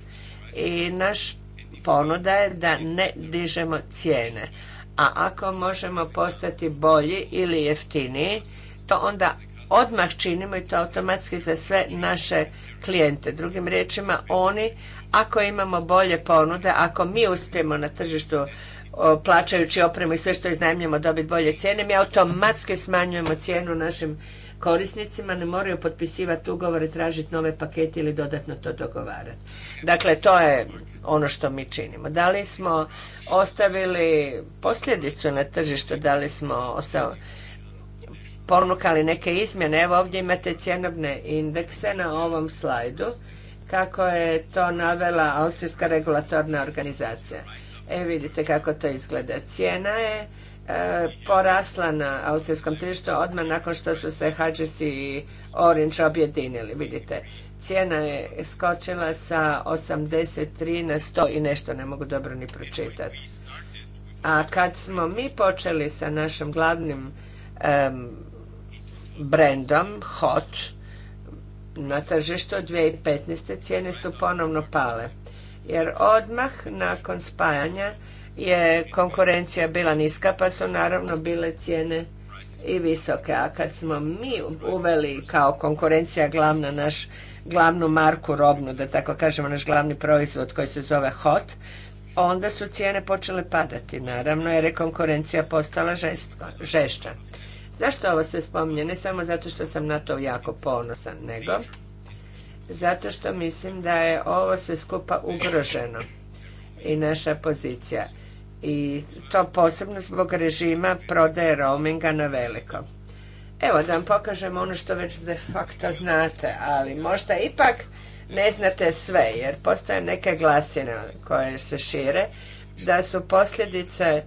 C: i naš ponuda je da ne dižemo cijene. A ako možemo postati bolji ili jeftiniji, to onda odmah činimo i to automatski za sve naše klijente. Drugim riječima, oni ako imamo bolje ponude, ako mi uspijemo na tržištu plaćajući opremu i sve što iznajmljamo dobiti bolje cijene, mi automatski smanjujemo cijenu našim korisnicima, ne moraju potpisivati ugovore, tražiti nove pakete ili dodatno to dogovarati. Dakle, to je ono što mi činimo. Da li smo ostavili posljedicu na tržištu, da li smo ponukali neke izmjene. Evo ovdje imate cjenovne indekse na ovom slajdu kako je to navela Austrijska regulatorna organizacija. E vidite kako to izgleda. Cijena je e, porasla na austrijskom tržištu odmah nakon što su se Hadžis i Orange objedinili. Vidite, cijena je skočila sa 83 na 100 i nešto, ne mogu dobro ni pročitati. A kad smo mi počeli sa našim glavnim brendom Hot na tržištu 2015. cijene su ponovno pale. Jer odmah nakon spajanja je konkurencija bila niska pa su naravno bile cijene i visoke. A kad smo mi uveli kao konkurencija glavna naš glavnu marku robnu, da tako kažemo, naš glavni proizvod koji se zove hot, onda su cijene počele padati, naravno, jer je konkurencija postala žešća. Zašto ovo se spominje? Ne samo zato što sam na to jako ponosan, nego zato što mislim da je ovo sve skupa ugroženo i naša pozicija. I to posebno zbog režima prodaje roaminga na veliko. Evo da vam pokažem ono što već de facto znate, ali možda ipak ne znate sve, jer postoje neke glasine koje se šire, da su posljedice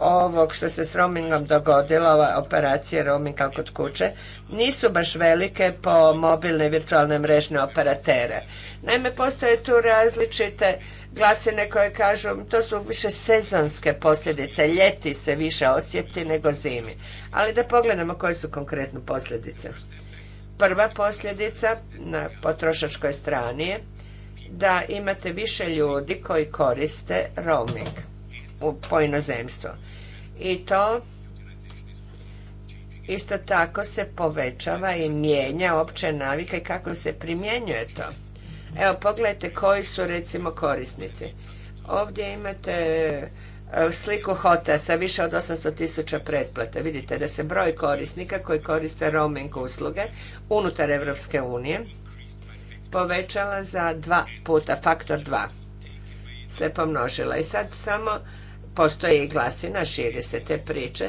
C: ovog što se s roamingom dogodilo, ova operacija roaming kod kuće, nisu baš velike po mobilne virtualne mrežne operatere. Naime, postoje tu različite glasine koje kažu to su više sezonske posljedice, ljeti se više osjeti nego zimi. Ali da pogledamo koje su konkretno posljedice. Prva posljedica na potrošačkoj strani je da imate više ljudi koji koriste roaming u, po I to isto tako se povećava i mijenja opće navike kako se primjenjuje to. Evo pogledajte koji su recimo korisnici. Ovdje imate e, sliku hota sa više od 800 tisuća pretplata. Vidite da se broj korisnika koji koriste roaming usluge unutar Evropske unije povećala za dva puta, faktor dva se pomnožila. I sad samo postoji i glasina, širi se te priče,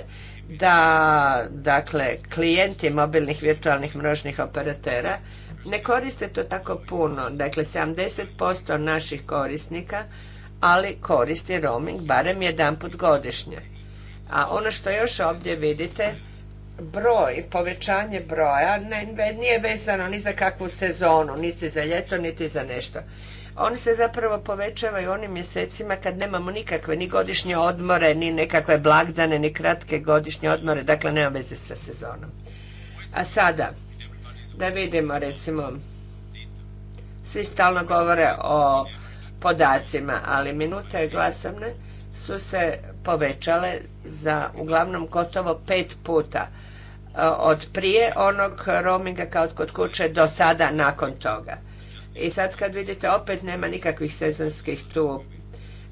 C: da dakle klijenti mobilnih virtualnih mrežnih operatera ne koriste to tako puno. Dakle, 70% naših korisnika, ali koristi roaming barem jedanput godišnje. A ono što još ovdje vidite, broj, povećanje broja nije vezano ni za kakvu sezonu, niti za ljeto, niti za nešto. Oni se zapravo povećavaju onim mjesecima kad nemamo nikakve ni godišnje odmore, ni nekakve blagdane, ni kratke godišnje odmore, dakle nema veze sa sezonom. A sada, da vidimo recimo, svi stalno govore o podacima, ali minute glasovne su se povećale za uglavnom gotovo pet puta e, od prije onog roaminga kao kod kuće do sada nakon toga. I sad kad vidite opet nema nikakvih sezonskih tu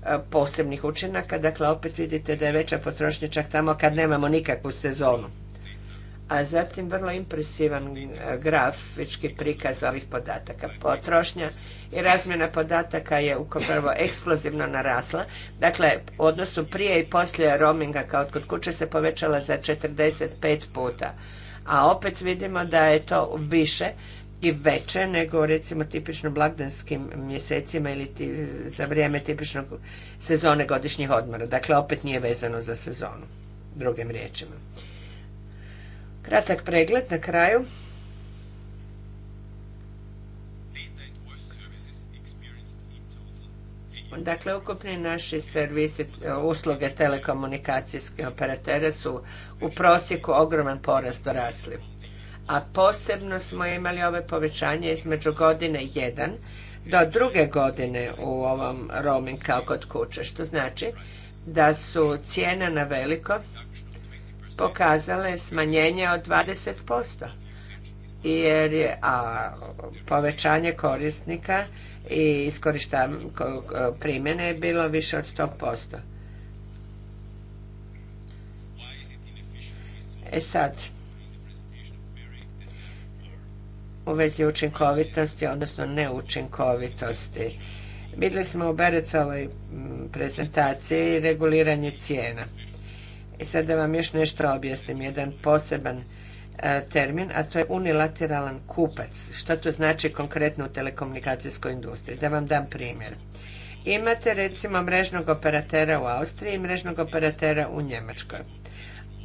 C: e, posebnih učinaka, dakle opet vidite da je veća potrošnja čak tamo kad nemamo nikakvu sezonu. A zatim vrlo impresivan e, grafički prikaz ovih podataka. Potrošnja i razmjena podataka je ukoprvo eksplozivno narasla. Dakle, u odnosu prije i poslije roaminga kao kod kuće se povećala za 45 puta. A opet vidimo da je to više veće nego recimo tipično blagdanskim mjesecima ili za vrijeme tipičnog sezone godišnjih odmora. Dakle, opet nije vezano za sezonu, drugim riječima. Kratak pregled na kraju. Dakle, ukupni naši servisi, usluge telekomunikacijske operatera su u prosjeku ogroman porast dorasli a posebno smo imali ove povećanje između godine jedan do druge godine u ovom roaming kao kod kuće, što znači da su cijena na veliko pokazale smanjenje od 20%. Jer je, a povećanje korisnika i iskorištavanje primjene je bilo više od 100%. E sad, u vezi učinkovitosti, odnosno neučinkovitosti. Bili smo u Berecovoj prezentaciji reguliranje cijena. I sad da vam još nešto objasnim, jedan poseban e, termin, a to je unilateralan kupac. Što to znači konkretno u telekomunikacijskoj industriji? Da vam dam primjer. Imate recimo mrežnog operatera u Austriji i mrežnog operatera u Njemačkoj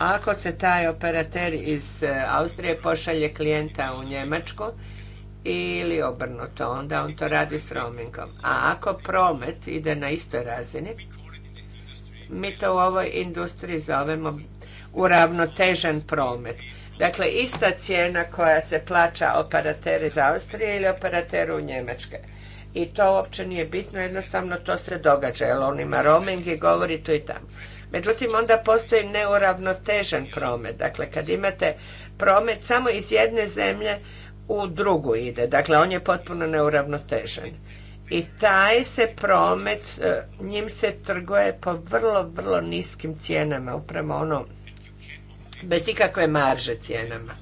C: ako se taj operater iz e, Austrije pošalje klijenta u Njemačku ili obrnuto, onda on to radi s roamingom. A ako promet ide na istoj razini, mi to u ovoj industriji zovemo uravnotežen promet. Dakle, ista cijena koja se plaća operater iz Austrije ili operateru u Njemačke. I to uopće nije bitno, jednostavno to se događa, jer on ima roaming i govori to i tamo. Međutim, onda postoji neuravnotežen promet. Dakle, kad imate promet samo iz jedne zemlje u drugu ide. Dakle, on je potpuno neuravnotežen. I taj se promet, e, njim se trguje po vrlo, vrlo niskim cijenama. Upravo ono, bez ikakve marže cijenama.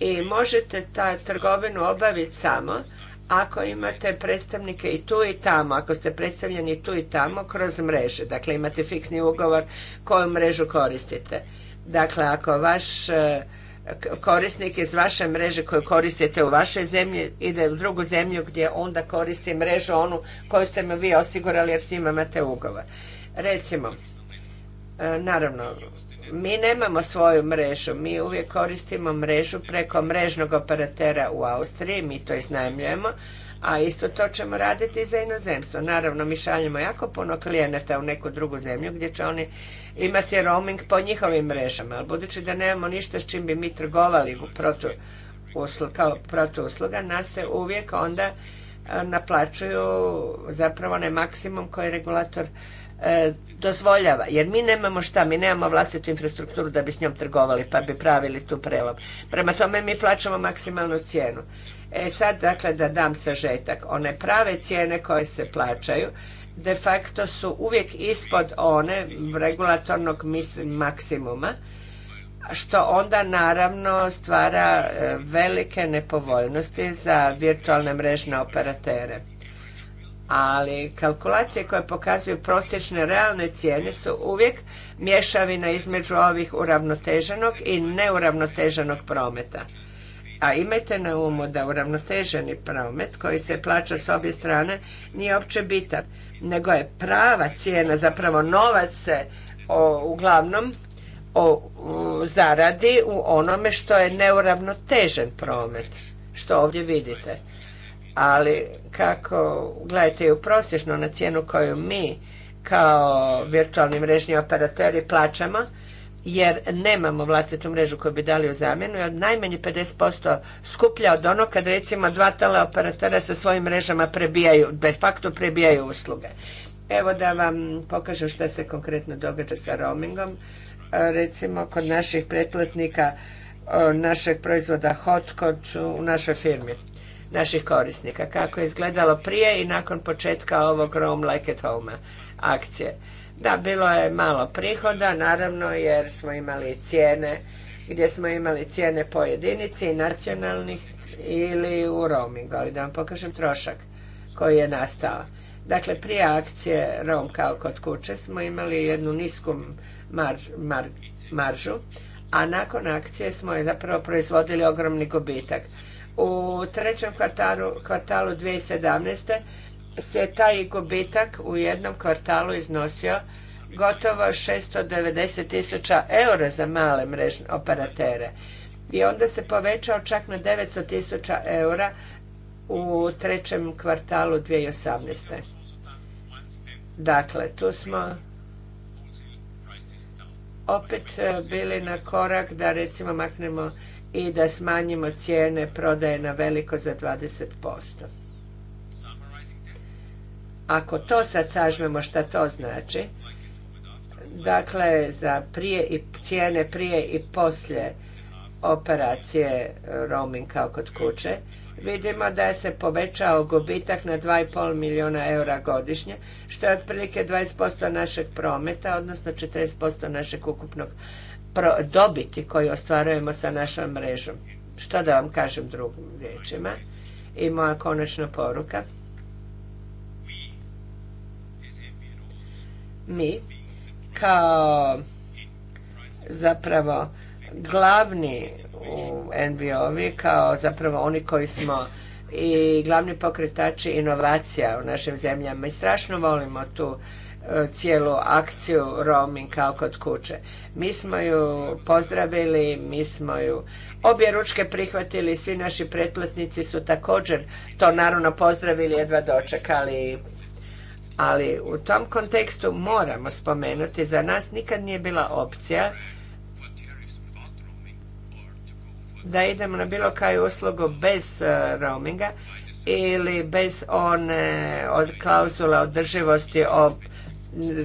C: I možete ta trgovinu obaviti samo ako imate predstavnike i tu i tamo, ako ste predstavljeni tu i tamo kroz mreže, dakle imate fiksni ugovor koju mrežu koristite. Dakle, ako vaš e, korisnik iz vaše mreže koju koristite u vašoj zemlji ide u drugu zemlju gdje onda koristi mrežu onu koju ste mu vi osigurali jer s njima imate ugovor. Recimo, e, naravno, mi nemamo svoju mrežu, mi uvijek koristimo mrežu preko mrežnog operatera u Austriji, mi to iznajmljujemo, a isto to ćemo raditi i za inozemstvo. Naravno, mi šaljemo jako puno klijenata u neku drugu zemlju gdje će oni imati roaming po njihovim mrežama, ali budući da nemamo ništa s čim bi mi trgovali kao protuusluga, nas se uvijek onda e, naplaćuju zapravo onaj maksimum koji regulator E, dozvoljava. Jer mi nemamo šta, mi nemamo vlastitu infrastrukturu da bi s njom trgovali pa bi pravili tu prelom. Prema tome mi plaćamo maksimalnu cijenu. E sad, dakle, da dam sažetak. One prave cijene koje se plaćaju de facto su uvijek ispod one regulatornog maksimuma, što onda naravno stvara e, velike nepovoljnosti za virtualne mrežne operatere ali kalkulacije koje pokazuju prosječne realne cijene su uvijek mješavina između ovih uravnoteženog i neuravnoteženog prometa. A imajte na umu da uravnoteženi promet koji se plaća s obje strane nije opće bitan, nego je prava cijena, zapravo novac se o, uglavnom zaradi u onome što je neuravnotežen promet, što ovdje vidite ali kako, gledajte, i u prosječno na cijenu koju mi kao virtualni mrežni operateri plaćamo, jer nemamo vlastitu mrežu koju bi dali u zamjenu, je najmanje 50% skuplja od onog kad recimo dva teleoperatera sa svojim mrežama prebijaju, de facto prebijaju usluge. Evo da vam pokažem što se konkretno događa sa roamingom. E, recimo kod naših pretplatnika e, našeg proizvoda Hot kod u našoj firmi naših korisnika, kako je izgledalo prije i nakon početka ovog Rome Like at Home akcije. Da, bilo je malo prihoda, naravno, jer smo imali cijene, gdje smo imali cijene po i nacionalnih ili u roamingu, ali da vam pokažem trošak koji je nastao. Dakle, prije akcije Rom kao kod kuće smo imali jednu nisku maržu, a nakon akcije smo je zapravo proizvodili ogromni gubitak. U trećem kvartalu, kvartalu 2017. se taj gubitak u jednom kvartalu iznosio gotovo 690 tisuća eura za male mrežne operatere i onda se povećao čak na 900 tisuća eura u trećem kvartalu 2018. Dakle, tu smo opet e, bili na korak da recimo maknemo i da smanjimo cijene prodaje na veliko za 20%. Ako to sad sažmemo šta to znači, dakle za prije i cijene prije i poslije operacije e, roaming kao kod kuće, vidimo da je se povećao gubitak na 2,5 milijuna eura godišnje, što je otprilike 20% našeg prometa, odnosno 40% našeg ukupnog dobiti koju ostvarujemo sa našom mrežom. Što da vam kažem drugim riječima? I moja konačna poruka. Mi, kao zapravo glavni u NVO-vi, kao zapravo oni koji smo i glavni pokretači inovacija u našim zemljama i strašno volimo tu cijelu akciju roaming kao kod kuće. Mi smo ju pozdravili, mi smo ju obje ručke prihvatili, svi naši pretplatnici su također to naravno pozdravili, jedva dočekali. Ali u tom kontekstu moramo spomenuti, za nas nikad nije bila opcija da idemo na bilo kaju uslugu bez e, roaminga ili bez one od klauzula održivosti o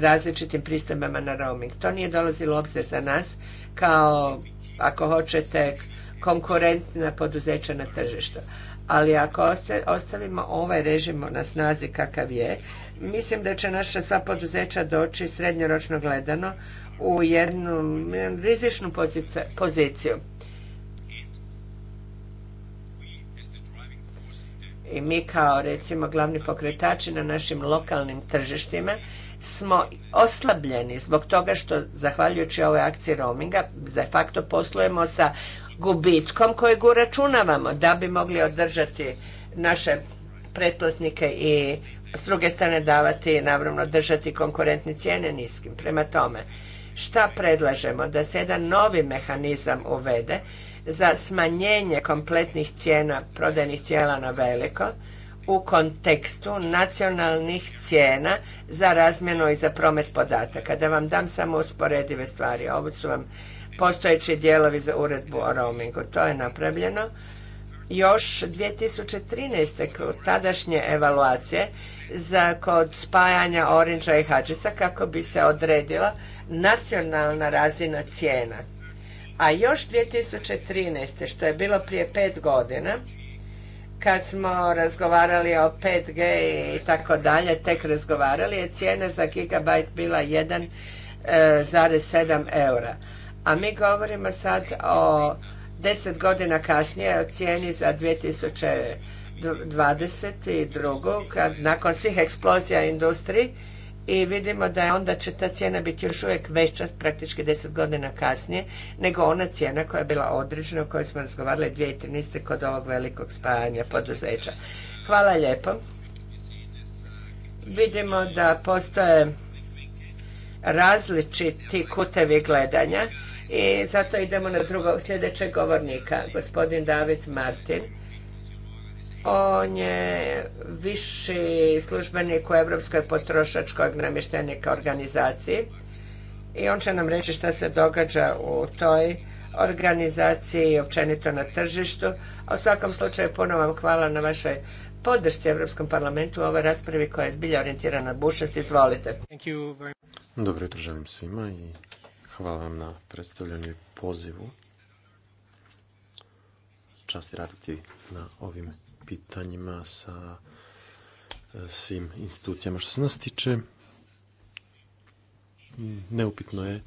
C: različitim pristojbama na roaming. To nije dolazilo obzir za nas kao, ako hoćete, konkurentna poduzeća na tržištu. Ali ako ostavimo ovaj režim na snazi kakav je, mislim da će naša sva poduzeća doći srednjoročno gledano u jednu rizičnu poziciju. I mi kao recimo glavni pokretači na našim lokalnim tržištima smo oslabljeni zbog toga što, zahvaljujući ovoj akciji roaminga, de facto poslujemo sa gubitkom kojeg uračunavamo da bi mogli održati naše pretplatnike i s druge strane davati, naravno, držati konkurentne cijene niskim. Prema tome, šta predlažemo? Da se jedan novi mehanizam uvede za smanjenje kompletnih cijena, prodajnih cijela na veliko, u kontekstu nacionalnih cijena za razmjenu i za promet podataka. Da vam dam samo usporedive stvari. Ovo su vam postojeći dijelovi za uredbu o roamingu. To je napravljeno još 2013. tadašnje evaluacije za kod spajanja Orange i Hadžisa kako bi se odredila nacionalna razina cijena. A još 2013. što je bilo prije pet godina, kad smo razgovarali o 5G i tako dalje, tek razgovarali, je cijena za gigabajt bila 1,7 e, eura. A mi govorimo sad o 10 godina kasnije o cijeni za 2022. Kad, nakon svih eksplozija industriji i vidimo da je onda će ta cijena biti još uvijek veća, praktički deset godina kasnije, nego ona cijena koja je bila određena, o kojoj smo razgovarali 2013. kod ovog velikog spajanja poduzeća. Hvala lijepo. Vidimo da postoje različiti kutevi gledanja i zato idemo na drugog sljedećeg govornika, gospodin David Martin on je viši službenik u Europskoj potrošačkoj namještenika organizaciji i on će nam reći šta se događa u toj organizaciji i općenito na tržištu. A u svakom slučaju puno vam hvala na vašoj podršci Europskom parlamentu u ovoj raspravi koja je zbilja orijentirana na bušnost. Izvolite.
A: Dobro jutro želim svima i hvala vam na predstavljanju i pozivu čast raditi na ovim pitanjima sa e, svim institucijama. Što se nas tiče, neupitno je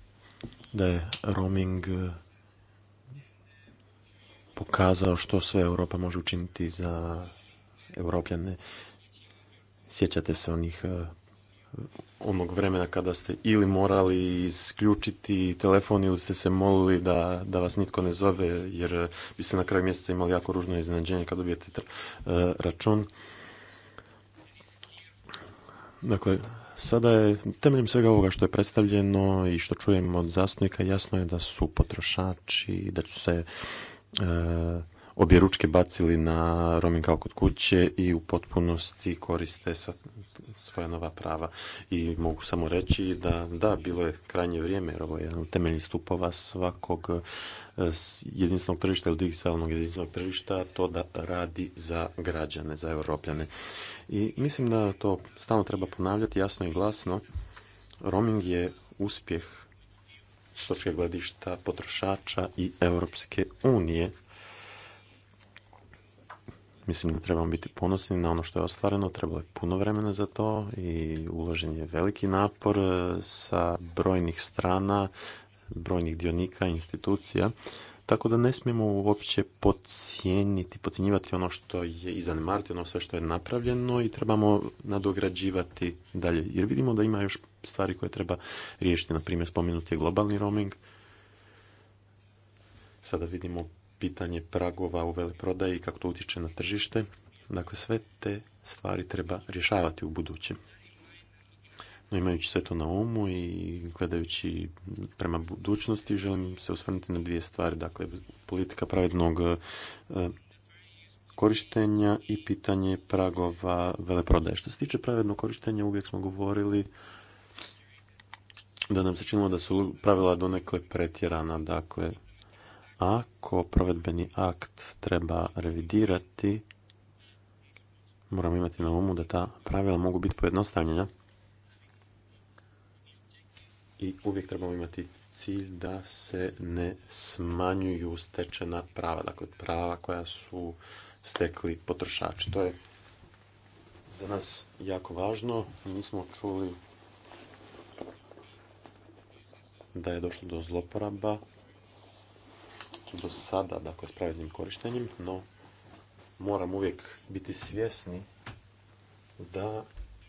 A: da je roaming pokazao što sve Europa može učiniti za europljane. Sjećate se onih e, onog vremena kada ste ili morali isključiti telefon ili ste se molili da, da vas nitko ne zove jer biste na kraju mjeseca imali jako ružno iznenađenje kad dobijete eh, račun. Dakle, sada je temeljem svega ovoga što je predstavljeno i što čujem od zastupnika jasno je da su potrošači, da će se eh, obje ručke bacili na roaming kao kod kuće i u potpunosti koriste svoja nova prava. I mogu samo reći da, da, bilo je krajnje vrijeme, jer ovo je jedan od stupova svakog e, jedinstvenog tržišta ili digitalnog jedinstvenog tržišta, to da radi za građane, za europljane. I mislim da to stalno treba ponavljati jasno i glasno. Roaming je uspjeh s točke gledišta potrošača i Europske unije Mislim da trebamo biti ponosni na ono što je ostvareno, trebalo je puno vremena za to i uložen je veliki napor e, sa brojnih strana, brojnih dionika, institucija. Tako da ne smijemo uopće pocijeniti, pocijenjivati ono što je i zanemariti ono sve što je napravljeno i trebamo nadograđivati dalje. Jer vidimo da ima još stvari koje treba riješiti. Na primjer, spomenuti je globalni roaming. Sada vidimo pitanje pragova u veleprodaji i kako to utječe na tržište. Dakle, sve te stvari treba rješavati u budućem. No, imajući sve to na umu i gledajući prema budućnosti, želim se osvrnuti na dvije stvari. Dakle, politika pravednog e, korištenja i pitanje pragova veleprodaje. Što se tiče pravednog korištenja, uvijek smo govorili da nam se činilo da su pravila donekle pretjerana. Dakle, ako provedbeni akt treba revidirati, moramo imati na umu da ta pravila mogu biti pojednostavljena i uvijek trebamo imati cilj da se ne smanjuju stečena prava, dakle prava koja su stekli potrošači. To je za nas jako važno. Mi smo čuli da je došlo do zloporaba do sada, dakle, s pravednim korištenjem, no moram uvijek biti svjesni da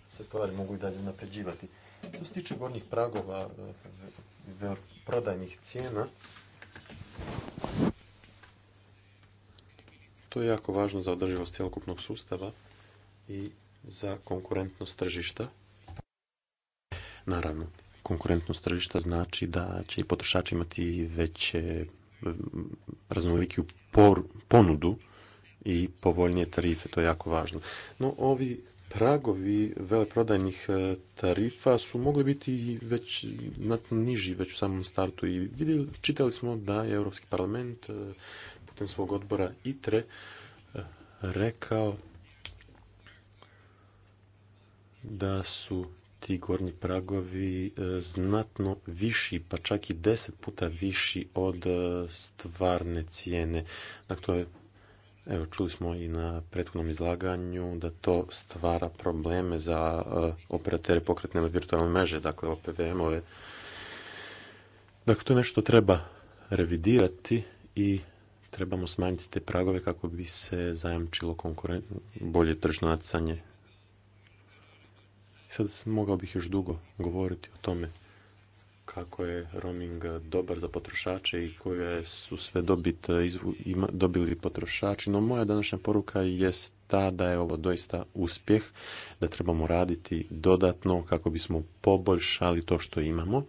A: se stvari mogu i dalje napređivati. Što se tiče gornjih pragova e, prodajnih cijena, to je jako važno za održivost cjelokupnog sustava i za konkurentnost tržišta. Naravno, konkurentnost tržišta znači da će potrošači imati veće raznolikiju por, ponudu i povoljnije tarife, to je jako važno. No, ovi pragovi veleprodajnih e, tarifa su mogli biti već znatno niži već u samom startu i vidjeli, čitali smo da je Europski parlament e, putem svog odbora ITRE e, rekao da su ti gornji pragovi e, znatno viši, pa čak i deset puta viši od e, stvarne cijene. Dakle, evo, čuli smo i na prethodnom izlaganju da to stvara probleme za e, operatere pokretne virtualne mreže, dakle OPVM-ove. Dakle, to je nešto treba revidirati i trebamo smanjiti te pragove kako bi se zajamčilo bolje tržno natjecanje Sad mogao bih još dugo govoriti o tome kako je roaming dobar za potrošače i koje su sve dobit dobili potrošači, no moja današnja poruka jest ta da je ovo doista uspjeh, da trebamo raditi dodatno kako bismo poboljšali to što imamo.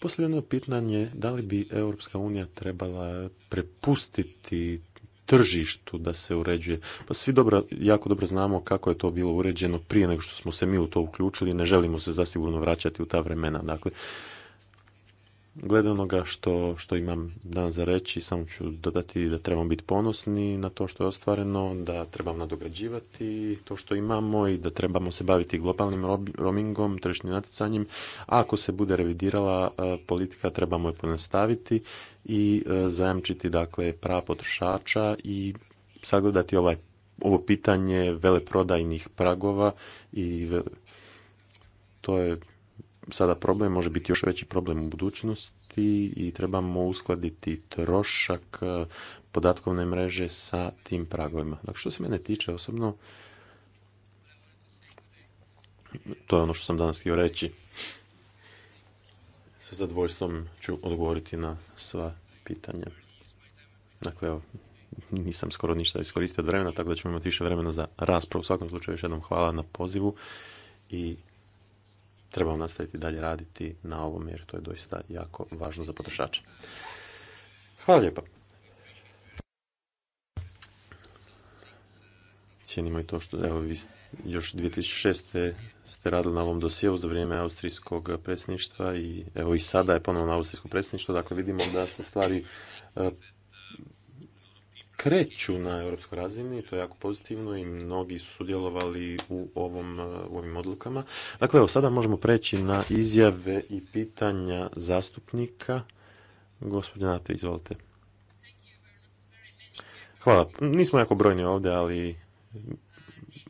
A: Posljedno pitanje, da li bi Europska unija trebala prepustiti tržištu da se uređuje. Pa svi dobro, jako dobro znamo kako je to bilo uređeno prije nego što smo se mi u to uključili, ne želimo se zasigurno vraćati u ta vremena. Dakle, glede onoga što, što imam danas za reći, samo ću dodati da trebamo biti ponosni na to što je ostvareno, da trebamo nadograđivati to što imamo i da trebamo se baviti globalnim roamingom, tržišnim natjecanjem. ako se bude revidirala e, politika, trebamo je ponastaviti i e, zajamčiti dakle, prava potrošača i sagledati ovaj, ovo pitanje veleprodajnih pragova i to je sada problem, može biti još veći problem u budućnosti i trebamo uskladiti trošak e, podatkovne mreže sa tim pragovima. Dakle, što se mene tiče osobno, to je ono što sam danas htio reći. Sa zadovoljstvom ću odgovoriti na sva pitanja. Dakle, evo, nisam skoro ništa iskoristio od vremena, tako da ćemo imati više vremena za raspravu. U svakom slučaju još jednom hvala na pozivu i trebamo nastaviti dalje raditi na ovom jer to je doista jako važno za potrošače. Hvala lijepa. Cijenimo i to što evo, vi još 2006. ste radili na ovom dosijelu za vrijeme austrijskog predsjedništva i evo i sada je ponovno austrijskom predsjedništvu, dakle vidimo da se stvari e, kreću na europskoj razini, to je jako pozitivno i mnogi su sudjelovali u, ovom, e, u ovim odlukama. Dakle, evo sada možemo preći na izjave i pitanja zastupnika. Gospodin Nate, izvolite. Hvala. Nismo jako brojni ovdje, ali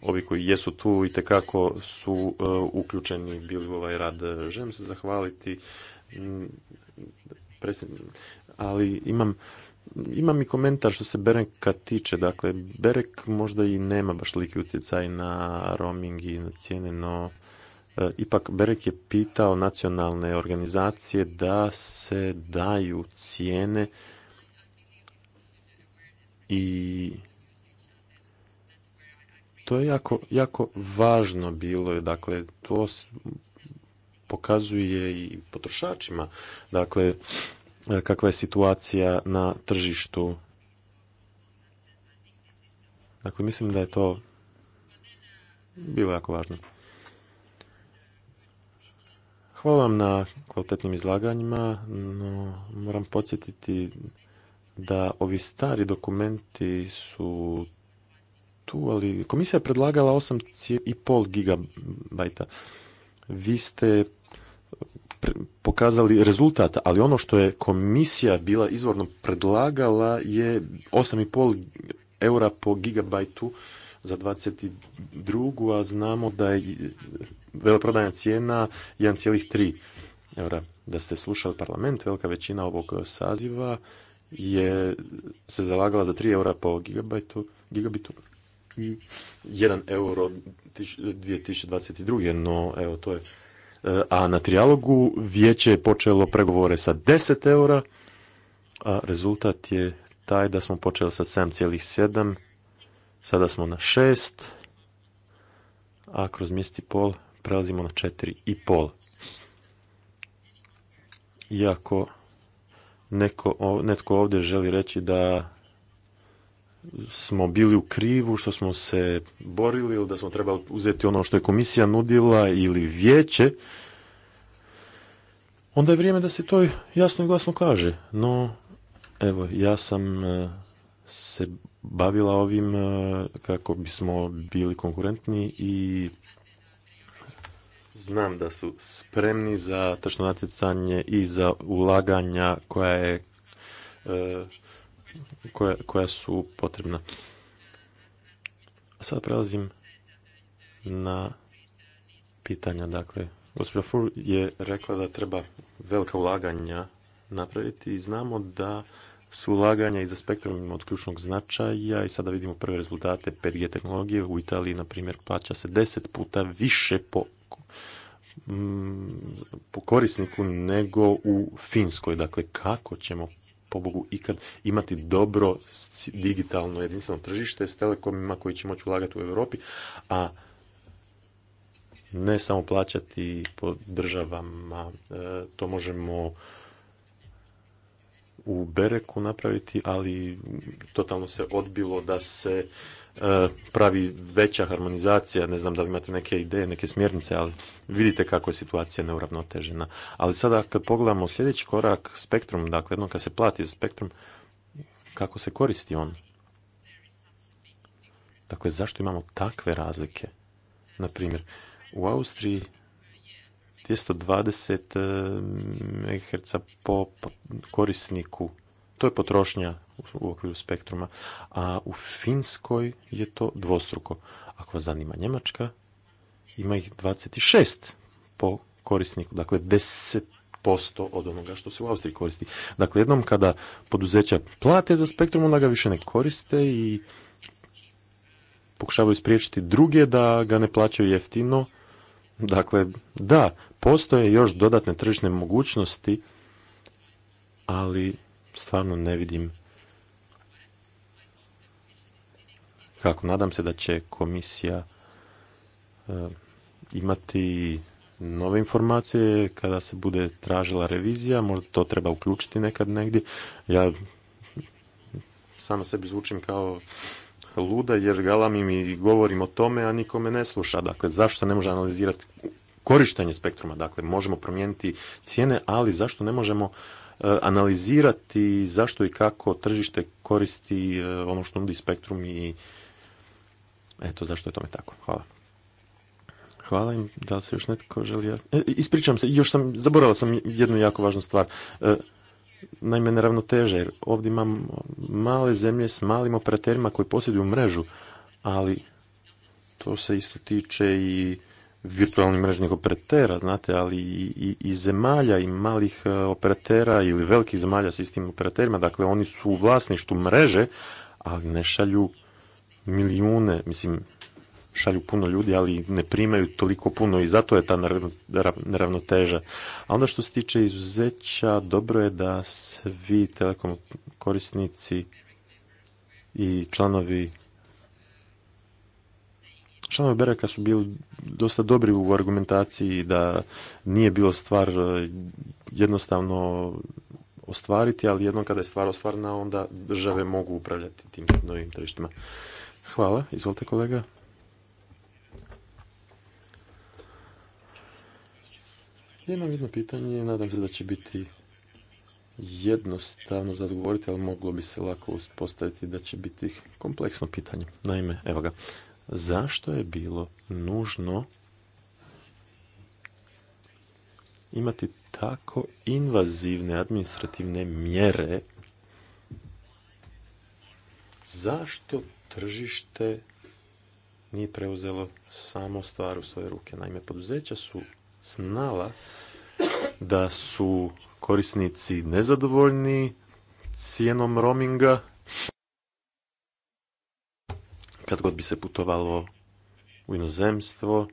A: ovi koji jesu tu i tekako su uh, uključeni bili u ovaj rad. Želim se zahvaliti, ali imam imam i komentar što se Bereka tiče. Dakle, Berek možda i nema baš liki utjecaj na roaming i na cijene, no e, ipak Berek je pitao nacionalne organizacije da se daju cijene i to je jako, jako važno bilo. Dakle, to pokazuje i potrošačima. Dakle, E, kakva je situacija na tržištu. Dakle, mislim da je to bilo jako važno. Hvala vam na kvalitetnim izlaganjima, no moram podsjetiti da ovi stari dokumenti su tu, ali komisija je predlagala 8,5 gigabajta. Vi ste pokazali rezultat, ali ono što je komisija bila izvorno predlagala je 8,5 eura po gigabajtu za 22. a znamo da je veleprodajna cijena 1,3 eura. Da ste slušali parlament, velika većina ovog saziva je se zalagala za 3 eura po gigabajtu, gigabitu i 1 euro 2022. No, evo, to je a na trijalogu vijeće je počelo pregovore sa 10 eura, a rezultat je taj da smo počeli sa 7,7, sada smo na 6, a kroz mjesec pol prelazimo na 4,5. Iako neko, netko ovdje želi reći da smo bili u krivu, što smo se borili ili da smo trebali uzeti ono što je komisija nudila ili vijeće, onda je vrijeme da se to jasno i glasno kaže. No, evo, ja sam e, se bavila ovim e, kako bismo bili konkurentni i znam da su spremni za tršno natjecanje i za ulaganja koja je e, koja, su potrebna. A sada prelazim na pitanja. Dakle, gospođa Fur je rekla da treba velika ulaganja napraviti i znamo da su ulaganja iza spektrum od ključnog značaja i sada vidimo prve rezultate 5G tehnologije. U Italiji, na primjer, plaća se deset puta više po, mm, po korisniku nego u Finskoj. Dakle, kako ćemo pobogu ikad imati dobro digitalno jedinstveno tržište s telekomima koji će moći ulagati u Europi, a ne samo plaćati po državama. E, to možemo u Bereku napraviti, ali totalno se odbilo da se E, pravi veća harmonizacija, ne znam da li imate neke ideje, neke smjernice, ali vidite kako je situacija neuravnotežena. Ali sada kad pogledamo sljedeći korak, spektrum, dakle jednom kad se plati za spektrum, kako se koristi on? Dakle, zašto imamo takve razlike? Naprimjer, u Austriji 220 e, MHz po korisniku, to je potrošnja u okviru spektruma, a u Finskoj je to dvostruko. Ako vas zanima Njemačka, ima ih 26 po korisniku, dakle 10 posto od onoga što se u Austriji koristi. Dakle, jednom kada poduzeća plate za spektrum, onda ga više ne koriste i pokušavaju spriječiti druge da ga ne plaćaju jeftino. Dakle, da, postoje još dodatne tržišne mogućnosti, ali stvarno ne vidim kako nadam se da će komisija e, imati nove informacije kada se bude tražila revizija, možda to treba uključiti nekad negdje. Ja sama sebi zvučim kao luda jer galamim i govorim o tome, a nikome ne sluša. Dakle, zašto se ne može analizirati korištenje spektruma? Dakle, možemo promijeniti cijene, ali zašto ne možemo e, analizirati zašto i kako tržište koristi e, ono što nudi spektrum i Eto, zašto je tome tako? Hvala. Hvala im. Da li se još netko želi... E, ispričam se, još sam, zaboravio sam jednu jako važnu stvar. E, naime, teže, jer ovdje imam male zemlje s malim operaterima koji posjeduju mrežu, ali to se isto tiče i virtualnih mrežnih operatera, znate, ali i, i, i zemalja i malih e, operatera ili velikih zemalja s istim operaterima, dakle oni su u vlasništu mreže, ali ne šalju milijune, mislim, šalju puno ljudi, ali ne primaju toliko puno i zato je ta neravnoteža. A onda što se tiče izuzeća, dobro je da svi telekom korisnici i članovi Članovi Bereka su bili dosta dobri u argumentaciji da nije bilo stvar e, jednostavno ostvariti, ali jednom kada je stvar ostvarna, onda države mogu upravljati tim novim tržištima. Hvala. Izvolite kolega. imam jedno pitanje, nadam se da će biti jednostavno za odgovoriti, ali moglo bi se lako uspostaviti da će biti kompleksno pitanje. Naime, evo ga, zašto je bilo nužno imati tako invazivne administrativne mjere zašto tržište nije preuzelo samo stvar u svoje ruke. Naime, poduzeća su znala da su korisnici nezadovoljni cijenom roaminga kad god bi se putovalo u inozemstvo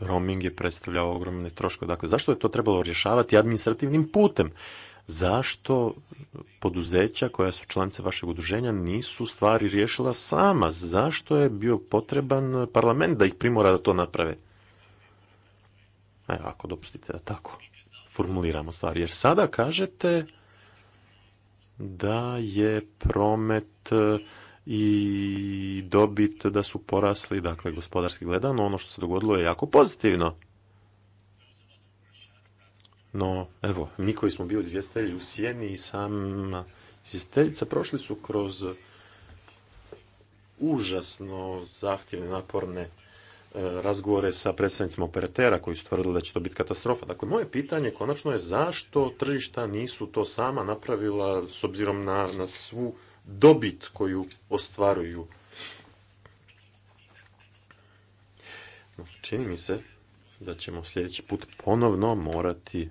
A: roaming je predstavljao ogromne troškove. Dakle, zašto je to trebalo rješavati administrativnim putem? zašto poduzeća koja su članice vašeg udruženja nisu stvari riješila sama? Zašto je bio potreban parlament da ih primora da to naprave? Evo, ako dopustite da tako formuliramo stvari. Jer sada kažete da je promet e, i dobit da su porasli, dakle gospodarski gledano, ono što se dogodilo je jako pozitivno. No, evo, mi koji smo bili izvjestelji u Sjeni i sam izvjesteljica prošli su kroz užasno zahtjevne, naporne e, razgovore sa predstavnicima operatera koji su tvrdili da će to biti katastrofa. Dakle, moje pitanje konačno je zašto tržišta nisu to sama napravila s obzirom na, na svu dobit koju ostvaruju. Čini mi se da ćemo sljedeći put ponovno morati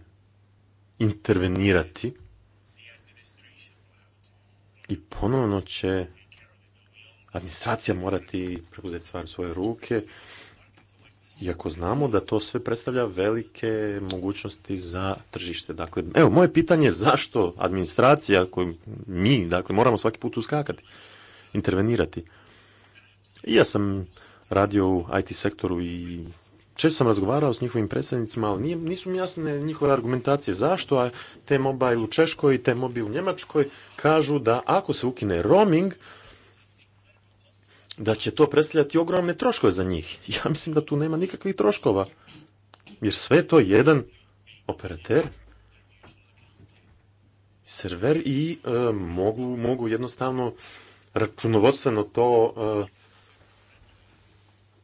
A: intervenirati i ponovno će administracija morati preuzeti stvar u svoje ruke, iako znamo da to sve predstavlja velike mogućnosti za tržište. Dakle, evo, moje pitanje je zašto administracija koju mi, dakle, moramo svaki put uskakati, intervenirati. I ja sam radio u IT sektoru i Često sam razgovarao s njihovim predstavnicima, ali nisu mi jasne njihove argumentacije zašto a te mobile u Češkoj i te mobile u Njemačkoj kažu da ako se ukine roaming, da će to predstavljati ogromne troškove za njih. Ja mislim da tu nema nikakvih troškova. Jer sve to jedan operater, server i e, mogu, jednostavno računovodstveno to e,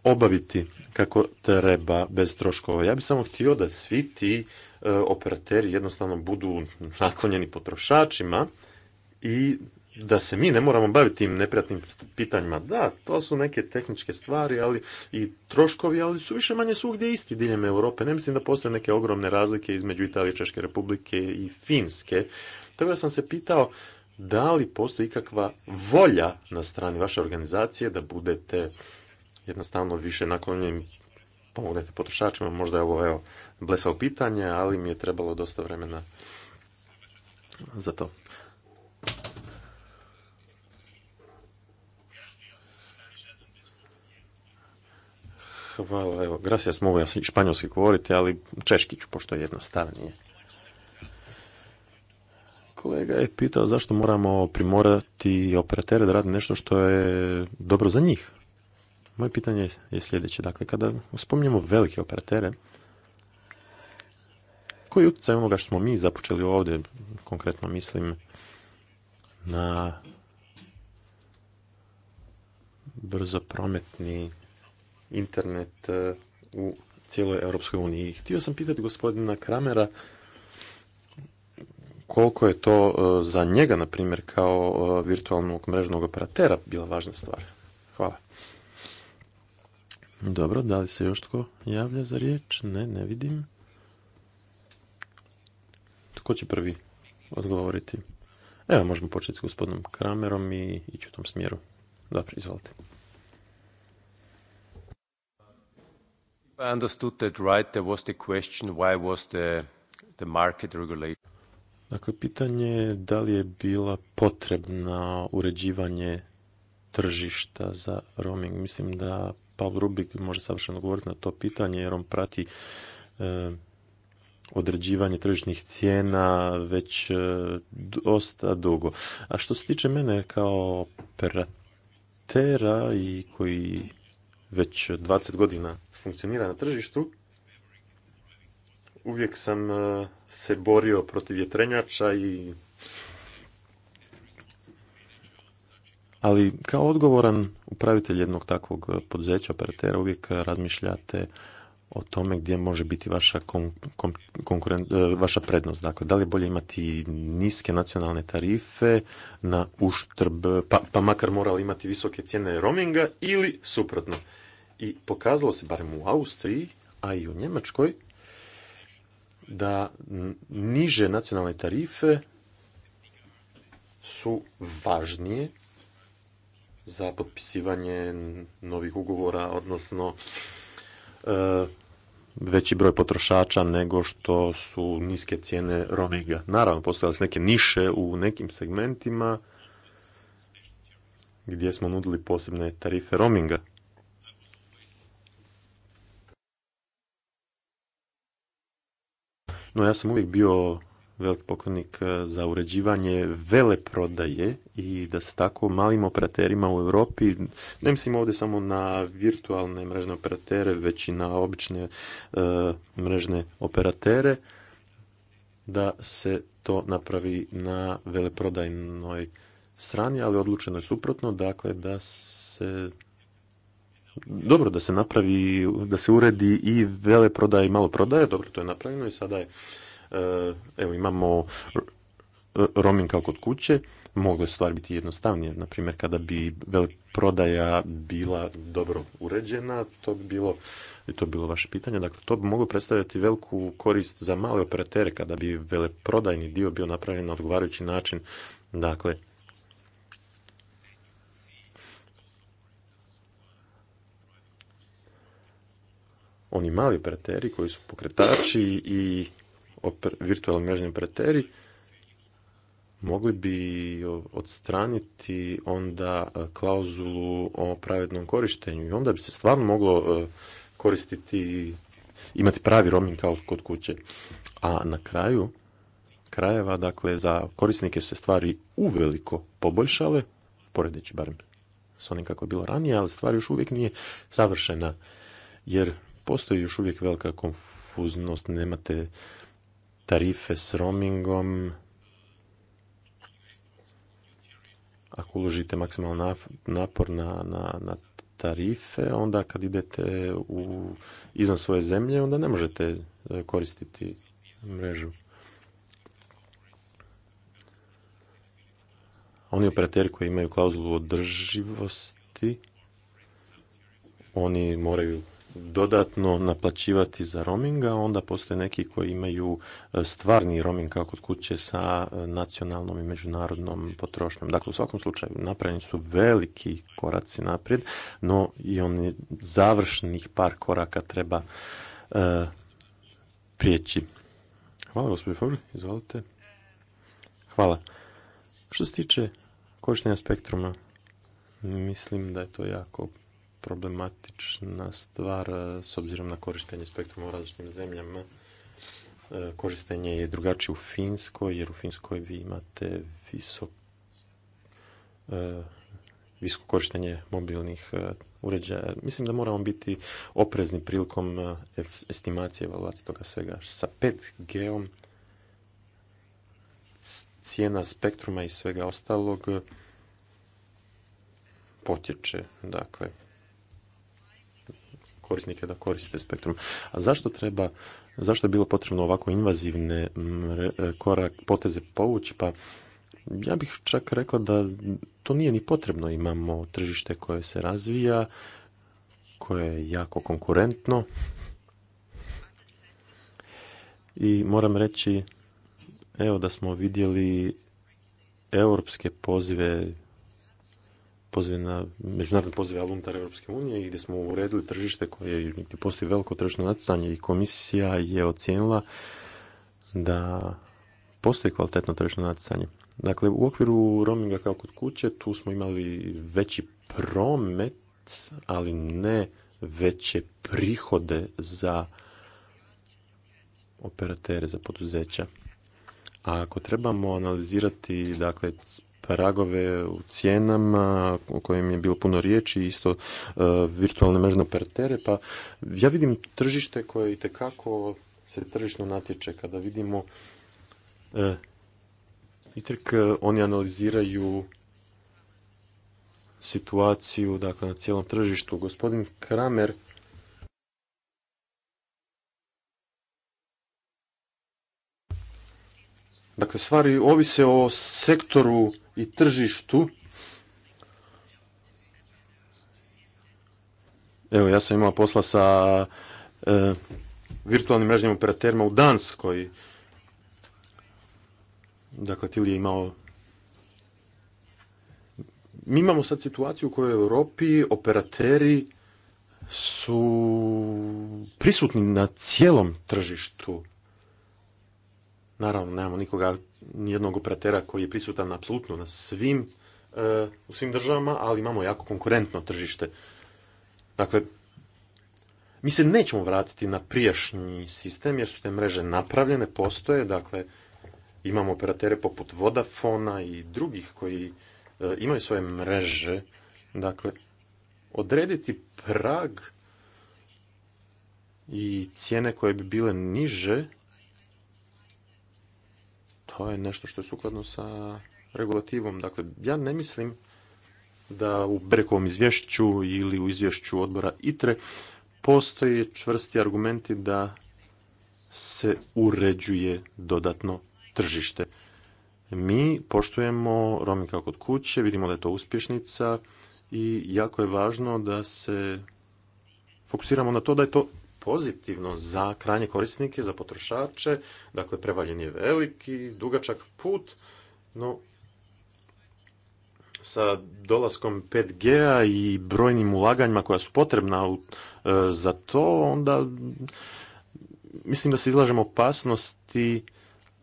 A: obaviti kako treba bez troškova. Ja bih samo htio da svi ti e, operateri jednostavno budu naklonjeni potrošačima i da se mi ne moramo baviti tim neprijatnim pitanjima. Da, to su neke tehničke stvari, ali i troškovi, ali su više manje svugdje isti diljem Europe. Ne mislim da postoje neke ogromne razlike između Italije, Češke republike i Finske. Tako da sam se pitao da li postoji ikakva volja na strani vaše organizacije da budete jednostavno više naklonjen pomognete potrošačima. Možda je ovo evo, blesao pitanje, ali mi je trebalo dosta vremena za to. Hvala, evo, gracias, mogu ja španjolski govoriti, ali češki ću, pošto je jednostavnije. Kolega je pitao zašto moramo primorati operatere da rade nešto što je dobro za njih. Moje pitanje je sljedeće. Dakle, kada spominjemo velike operatere, koji je utjecaj onoga što smo mi započeli ovdje, konkretno mislim na brzo prometni internet e, u cijeloj Europskoj uniji. Htio sam pitati gospodina Kramera koliko je to e, za njega, na primjer, kao e, virtualnog mrežnog operatera bila važna stvar. Hvala. Dobro, da li se još tko javlja za riječ? Ne, ne vidim. Tko će prvi odgovoriti? Evo, možemo početi s gospodinom Kramerom i ići u tom smjeru. Dobro, izvolite. If Dakle, pitanje je da li je bila potrebna uređivanje tržišta za roaming. Mislim da Paul Rubik može savršeno govoriti na to pitanje jer on prati e, određivanje tržišnih cijena već e, dosta dugo. A što se tiče mene kao operatera i koji već 20 godina funkcionira na tržištu, uvijek sam e, se borio protiv vjetrenjača i Ali kao odgovoran upravitelj jednog takvog eh, poduzeća, operatera, uvijek eh, razmišljate o tome gdje može biti vaša, eh, vaša prednost. Dakle, da li je bolje imati niske nacionalne tarife na uštrb, pa, pa makar morali imati visoke cijene roaminga ili suprotno. I pokazalo se, barem u Austriji, a i u Njemačkoj, da niže nacionalne tarife su važnije za potpisivanje novih ugovora, odnosno e, veći broj potrošača nego što su niske cijene roaminga. Naravno, postojale su neke niše u nekim segmentima gdje smo nudili posebne tarife roaminga. No ja sam uvijek bio veliki poklonik e, za uređivanje veleprodaje i da se tako malim operaterima u Europi, ne mislim ovdje samo na virtualne mrežne operatere, već i na obične e, mrežne operatere, da se to napravi na veleprodajnoj strani, ali odlučeno je suprotno, dakle da se dobro da se napravi, da se uredi i veleprodaja i maloprodaja, dobro to je napravljeno i sada je E, evo imamo roaming kao kod kuće, mogle stvar biti jednostavnije. Naprimjer, kada bi prodaja bila dobro uređena, to bi bilo i to bi bilo vaše pitanje, dakle to bi moglo predstavljati veliku korist za male operatere kada bi veleprodajni dio bio napravljen na odgovarajući način. Dakle, oni mali operateri koji su pokretači i oper, virtualni mrežni operateri mogli bi odstraniti onda e, klauzulu o pravednom korištenju i onda bi se stvarno moglo e, koristiti imati pravi roaming kao kod kuće. A na kraju krajeva, dakle, za korisnike se stvari uveliko poboljšale, poredeći barem s onim kako je bilo ranije, ali stvar još uvijek nije savršena, jer postoji još uvijek velika konfuznost, nemate tarife s roamingom, ako uložite maksimalan napor na, tarife, onda kad idete u, izvan svoje zemlje, onda ne možete e, koristiti mrežu. Oni operateri koji imaju klauzulu održivosti, oni moraju dodatno naplaćivati za roaminga, onda postoje neki koji imaju e, stvarni roaming kao kod kuće sa e, nacionalnom i međunarodnom potrošnjom. Dakle, u svakom slučaju napravljeni su veliki koraci naprijed, no i on završnih par koraka treba e, prijeći. Hvala, gospodin izvolite. Hvala. Što se tiče korištenja spektruma, mislim da je to jako problematična stvar e, s obzirom na korištenje spektruma u različitim zemljama. E, korištenje je drugačije u Finskoj, jer u Finskoj vi imate visok, e, visoko korištenje mobilnih uređaja. Mislim da moramo biti oprezni prilikom estimacije evaluacije toga svega. Sa 5G-om cijena spektruma i svega ostalog potječe. Dakle, korisnike da koriste spektrum. A zašto treba, zašto je bilo potrebno ovako invazivne e, korak, poteze povući? Pa ja bih čak rekla da to nije ni potrebno. Imamo tržište koje se razvija, koje je jako konkurentno. I moram reći, evo da smo vidjeli europske pozive pozive na međunarodni poziv unutar Europske unije i gdje smo uredili tržište koje gdje postoji veliko tržišno natjecanje i komisija je ocijenila da postoji kvalitetno tržišno natjecanje. Dakle, u okviru roaminga kao kod kuće tu smo imali veći promet, ali ne veće prihode za operatere, za poduzeća. A ako trebamo analizirati dakle, pragove u cijenama o kojim je bilo puno riječi, isto e, virtualne mrežne operatere, pa ja vidim tržište koje i tekako se tržišno natječe kada vidimo e, i tek e, oni analiziraju situaciju dakle, na cijelom tržištu. Gospodin Kramer Dakle, stvari ovise o sektoru i tržištu. Evo, ja sam imao posla sa e, virtualnim mrežnim operaterima u Danskoj. Dakle, tili je imao... Mi imamo sad situaciju u kojoj u Europi operateri su prisutni na cijelom tržištu Naravno, nemamo nikoga, nijednog operatera koji je prisutan apsolutno na svim, eh, u svim državama, ali imamo jako konkurentno tržište. Dakle, mi se nećemo vratiti na prijašnji sistem jer su te mreže napravljene, postoje, dakle imamo operatere poput Vodafona i drugih koji eh, imaju svoje mreže. Dakle, odrediti prag i cijene koje bi bile niže to je nešto što je sukladno sa regulativom. Dakle, ja ne mislim da u Brekovom izvješću ili u izvješću odbora ITRE postoje čvrsti argumenti da se uređuje dodatno tržište. Mi poštujemo romika kod kuće, vidimo da je to uspješnica i jako je važno da se fokusiramo na to da je to pozitivno za krajnje korisnike, za potrošače. Dakle, prevaljen je veliki, dugačak put, no sa dolaskom 5G-a i brojnim ulaganjima koja su potrebna e, za to, onda mislim da se izlažemo opasnosti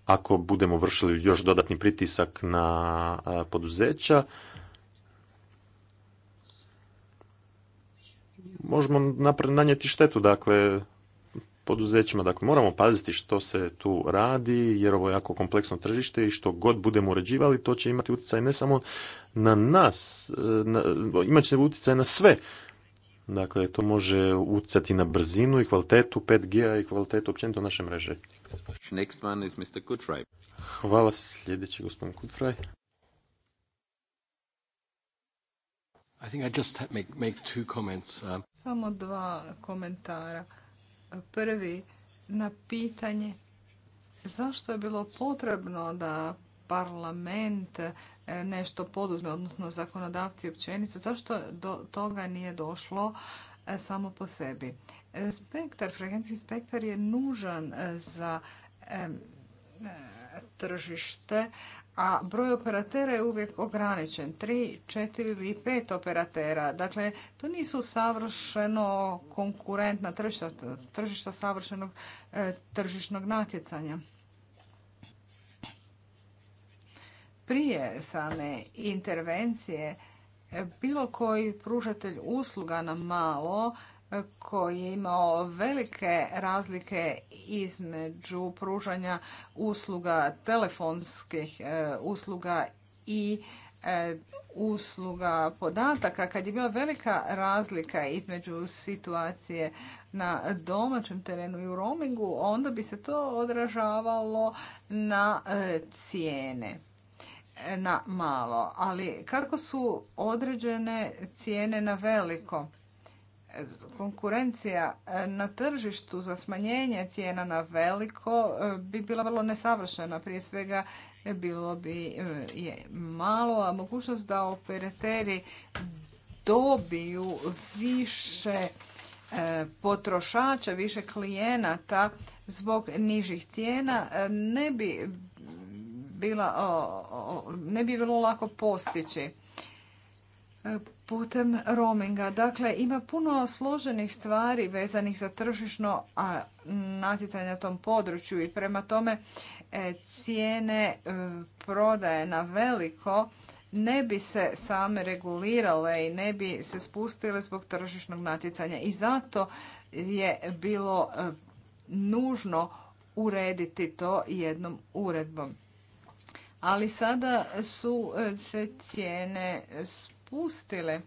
A: ako budemo vršili još dodatni pritisak na e, poduzeća možemo nanijeti štetu, dakle, poduzećima. Dakle, moramo paziti što se tu radi, jer ovo je jako kompleksno tržište i što god budemo uređivali, to će imati utjecaj ne samo na nas, e, na, imat će utjecaj na sve. Dakle, to može utjecati na brzinu i kvalitetu 5G-a i kvalitetu općenito naše mreže. Next one is Mr. Hvala sljedeći gospodin I think I just make, make two comments. Uh,
B: samo dva komentara. Prvi, na pitanje zašto je bilo potrebno da parlament e, nešto poduzme, odnosno zakonodavci općenito, zašto do toga nije došlo e, samo po sebi. Spektar, frekvencijski spektar je nužan e, za tržište, a broj operatera je uvijek ograničen. Tri, četiri ili pet operatera. Dakle, to nisu savršeno konkurentna tržišta, tržišta savršenog e, tržišnog natjecanja. Prije same intervencije e, bilo koji pružatelj usluga na malo koji je imao velike razlike između pružanja usluga telefonskih e, usluga i e, usluga podataka, kad je bila velika razlika između situacije na domaćem terenu i u roamingu, onda bi se to odražavalo na e, cijene na malo, ali kako su određene cijene na veliko? konkurencija e, na tržištu za smanjenje cijena na veliko e, bi bila vrlo nesavršena. Prije svega e, bilo bi je malo, a mogućnost da operateri dobiju više potrošača, više klijenata zbog nižih cijena ne bi bila, ne bi bilo lako postići putem roaminga. Dakle, ima puno složenih stvari vezanih za tržišno natjecanje na tom području i prema tome e, cijene e, prodaje na veliko ne bi se same regulirale i ne bi se spustile zbog tržišnog natjecanja. I zato je bilo e, nužno urediti to jednom uredbom. Ali sada su se cijene spustile dopustile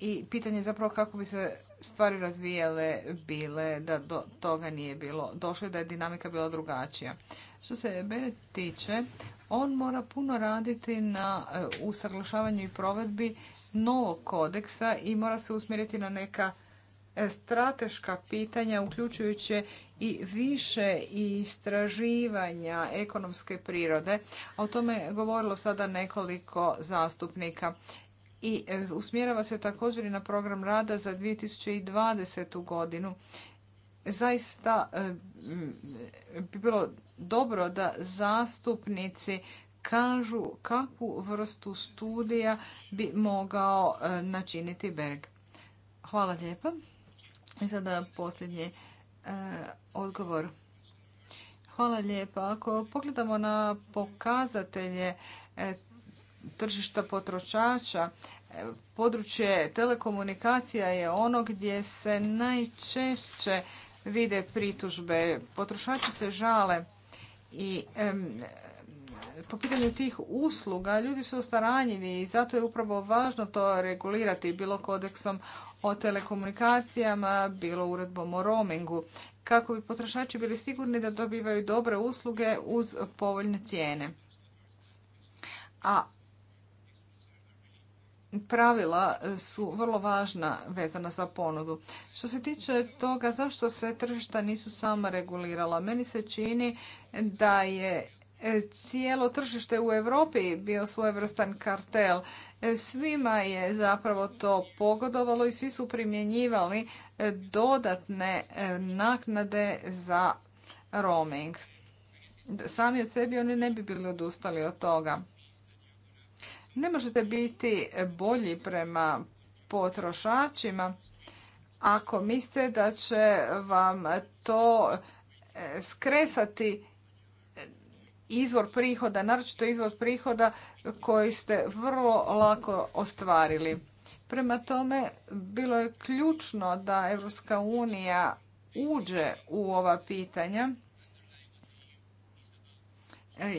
B: i pitanje je zapravo kako bi se stvari razvijale bile da do toga nije bilo došlo da je dinamika bila drugačija. Što se mene tiče, on mora puno raditi na e, usaglašavanju i provedbi novog kodeksa i mora se usmjeriti na neka strateška pitanja uključujući i više istraživanja ekonomske prirode. O tome je govorilo sada nekoliko zastupnika. I e, usmjerava se također i na program rada za 2020. godinu. Zaista e, bi bilo dobro da zastupnici kažu kakvu vrstu studija bi mogao e, načiniti Berg. Hvala lijepa. I sada posljednji e, odgovor. Hvala lijepa. Ako pogledamo na pokazatelje e, tržišta potrošača, e, područje telekomunikacija je ono gdje se najčešće vide pritužbe. Potrošači se žale i po pitanju tih usluga ljudi su ostaranjivi i zato je upravo važno to regulirati bilo kodeksom o telekomunikacijama, bilo uredbom o roamingu, kako bi potrošači bili sigurni da dobivaju dobre usluge uz povoljne cijene. A pravila su vrlo važna vezana za ponudu. Što se tiče toga zašto se tržišta nisu sama regulirala, meni se čini da je E, cijelo tržište u Europi bio svojevrstan kartel. E, svima je zapravo to pogodovalo i svi su primjenjivali e, dodatne naknade za roaming. Sami od sebi oni ne bi bili odustali od toga. Ne možete biti bolji prema potrošačima ako mislite da će vam to skresati izvor prihoda, naročito izvor prihoda koji ste vrlo lako ostvarili. Prema tome, bilo je ključno da Europska unija uđe u ova pitanja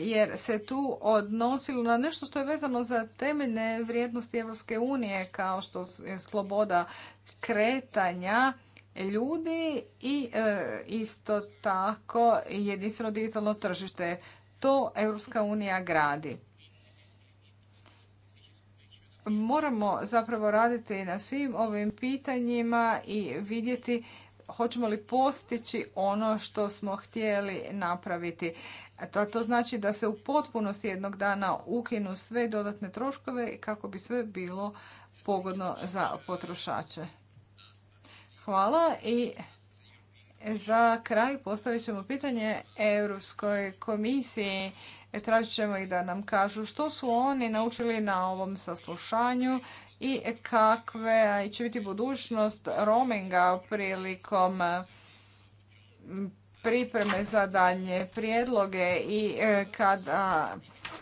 B: jer se tu odnosilo na nešto što je vezano za temeljne vrijednosti Europske unije kao što je sloboda kretanja ljudi i e, isto tako jedinstveno digitalno tržište to Europska unija gradi. Moramo zapravo raditi na svim ovim pitanjima i vidjeti hoćemo li postići ono što smo htjeli napraviti. To, to znači da se u potpunosti jednog dana ukinu sve dodatne troškove kako bi sve bilo pogodno za potrošače. Hvala i za kraj postavit ćemo pitanje Europskoj komisiji. Tražit ćemo ih da nam kažu što su oni naučili na ovom saslušanju i kakve će biti budućnost roaminga prilikom pripreme za daljnje prijedloge i e, kada,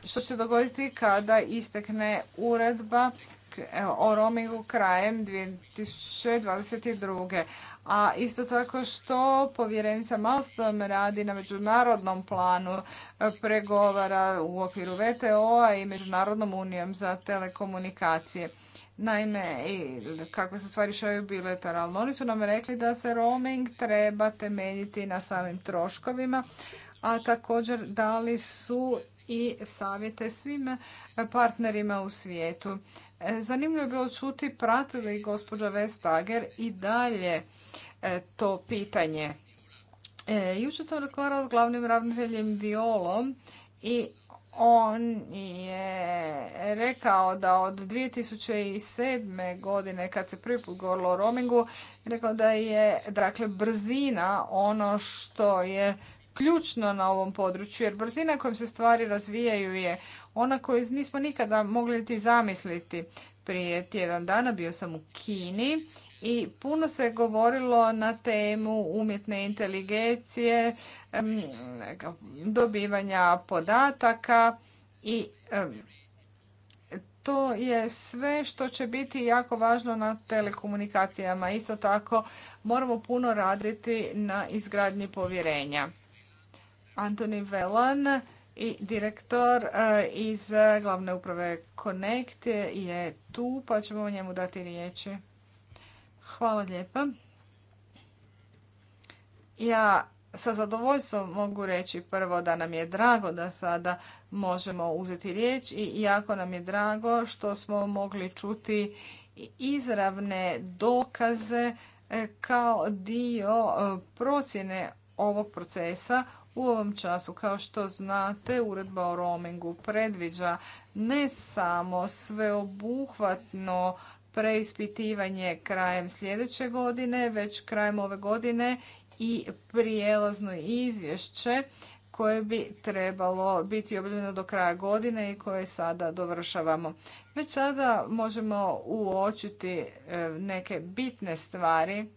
B: što će dogoditi kada istekne uredba e, o roamingu krajem 2022 a isto tako što povjerenica Malstom radi na međunarodnom planu e, pregovara u okviru VTO-a i Međunarodnom unijom za telekomunikacije. Naime, kako se stvari šaju bilateralno, oni su nam rekli da se roaming treba temeljiti na samim troškovima, a također dali su i savjete svim partnerima u svijetu. E, zanimljivo je bilo čuti prati li gospođa Vestager i dalje e, to pitanje. E, jučer sam razgovarala s glavnim ravnateljem Violom i on je rekao da od 2007. godine kad se prvi put govorilo o roamingu, rekao da je dakle brzina ono što je ključno na ovom području jer brzina kojom se stvari razvijaju je ona koju nismo nikada mogli ti zamisliti. Prije tjedan dana bio sam u Kini i puno se govorilo na temu umjetne inteligencije, dobivanja podataka i to je sve što će biti jako važno na telekomunikacijama. Isto tako moramo puno raditi na izgradnji povjerenja. Antoni Velan i direktor e, iz e, glavne uprave Connect je tu, pa ćemo njemu dati riječi. Hvala lijepa. Ja sa zadovoljstvom mogu reći prvo da nam je drago da sada možemo uzeti riječ i jako nam je drago što smo mogli čuti izravne dokaze e, kao dio procjene ovog procesa u ovom času. Kao što znate, uredba o roamingu predviđa ne samo sveobuhvatno preispitivanje krajem sljedeće godine, već krajem ove godine i prijelazno izvješće koje bi trebalo biti objavljeno do kraja godine i koje sada dovršavamo. Već sada možemo uočiti e, neke bitne stvari.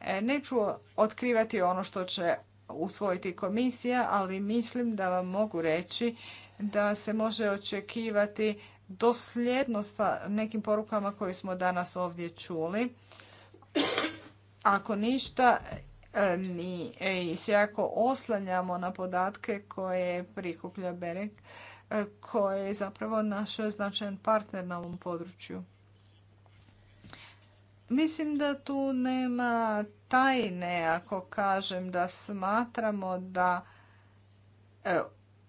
B: E, neću otkrivati ono što će usvojiti komisija, ali mislim da vam mogu reći da se može očekivati dosljedno sa nekim porukama koje smo danas ovdje čuli. Ako ništa, mi se jako oslanjamo na podatke koje prikuplja Berek, e, koje je zapravo naš značajan partner na ovom području. Mislim da tu nema tajne ako kažem da smatramo da e,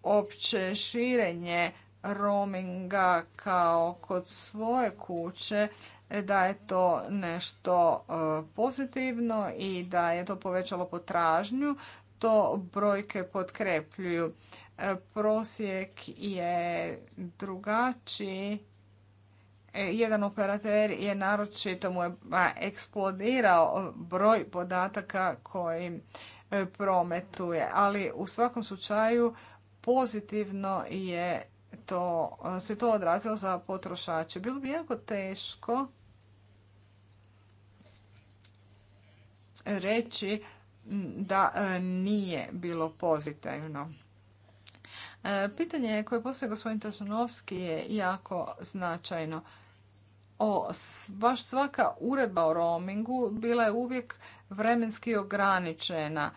B: opće širenje roaminga kao kod svoje kuće e, da je to nešto e, pozitivno i da je to povećalo potražnju, to brojke potkrepljuju. Prosjek je drugačiji E, jedan operater je naročito mu je eksplodirao broj podataka koji e, prometuje. Ali u svakom slučaju pozitivno je to, e, se to odrazilo za potrošače. Bilo bi jako teško reći da nije bilo pozitivno. Pitanje koje postoje gospodin Tosunovski je jako značajno o, baš svaka uredba o roamingu bila je uvijek vremenski ograničena.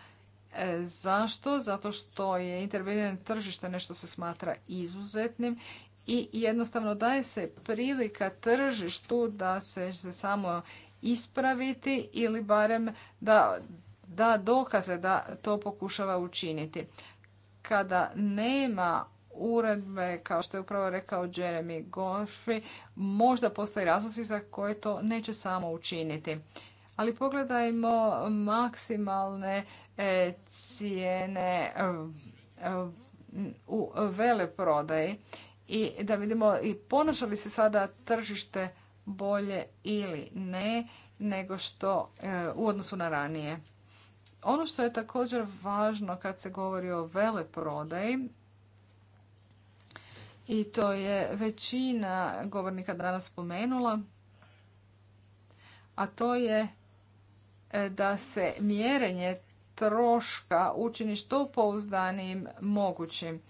B: E, zašto? Zato što je intervenirano tržište nešto se smatra izuzetnim i jednostavno daje se prilika tržištu da se samo ispraviti ili barem da da dokaze da to pokušava učiniti. Kada nema uredbe, kao što je upravo rekao Jeremy Goffrey, možda postoji razlozi za koje to neće samo učiniti. Ali pogledajmo maksimalne e, cijene e, u veleprodaji i da vidimo i ponaša li se sada tržište bolje ili ne nego što e, u odnosu na ranije. Ono što je također važno kad se govori o veleprodaji i to je većina govornika danas spomenula, a to je e, da se mjerenje troška učini što pouzdanijim mogućim.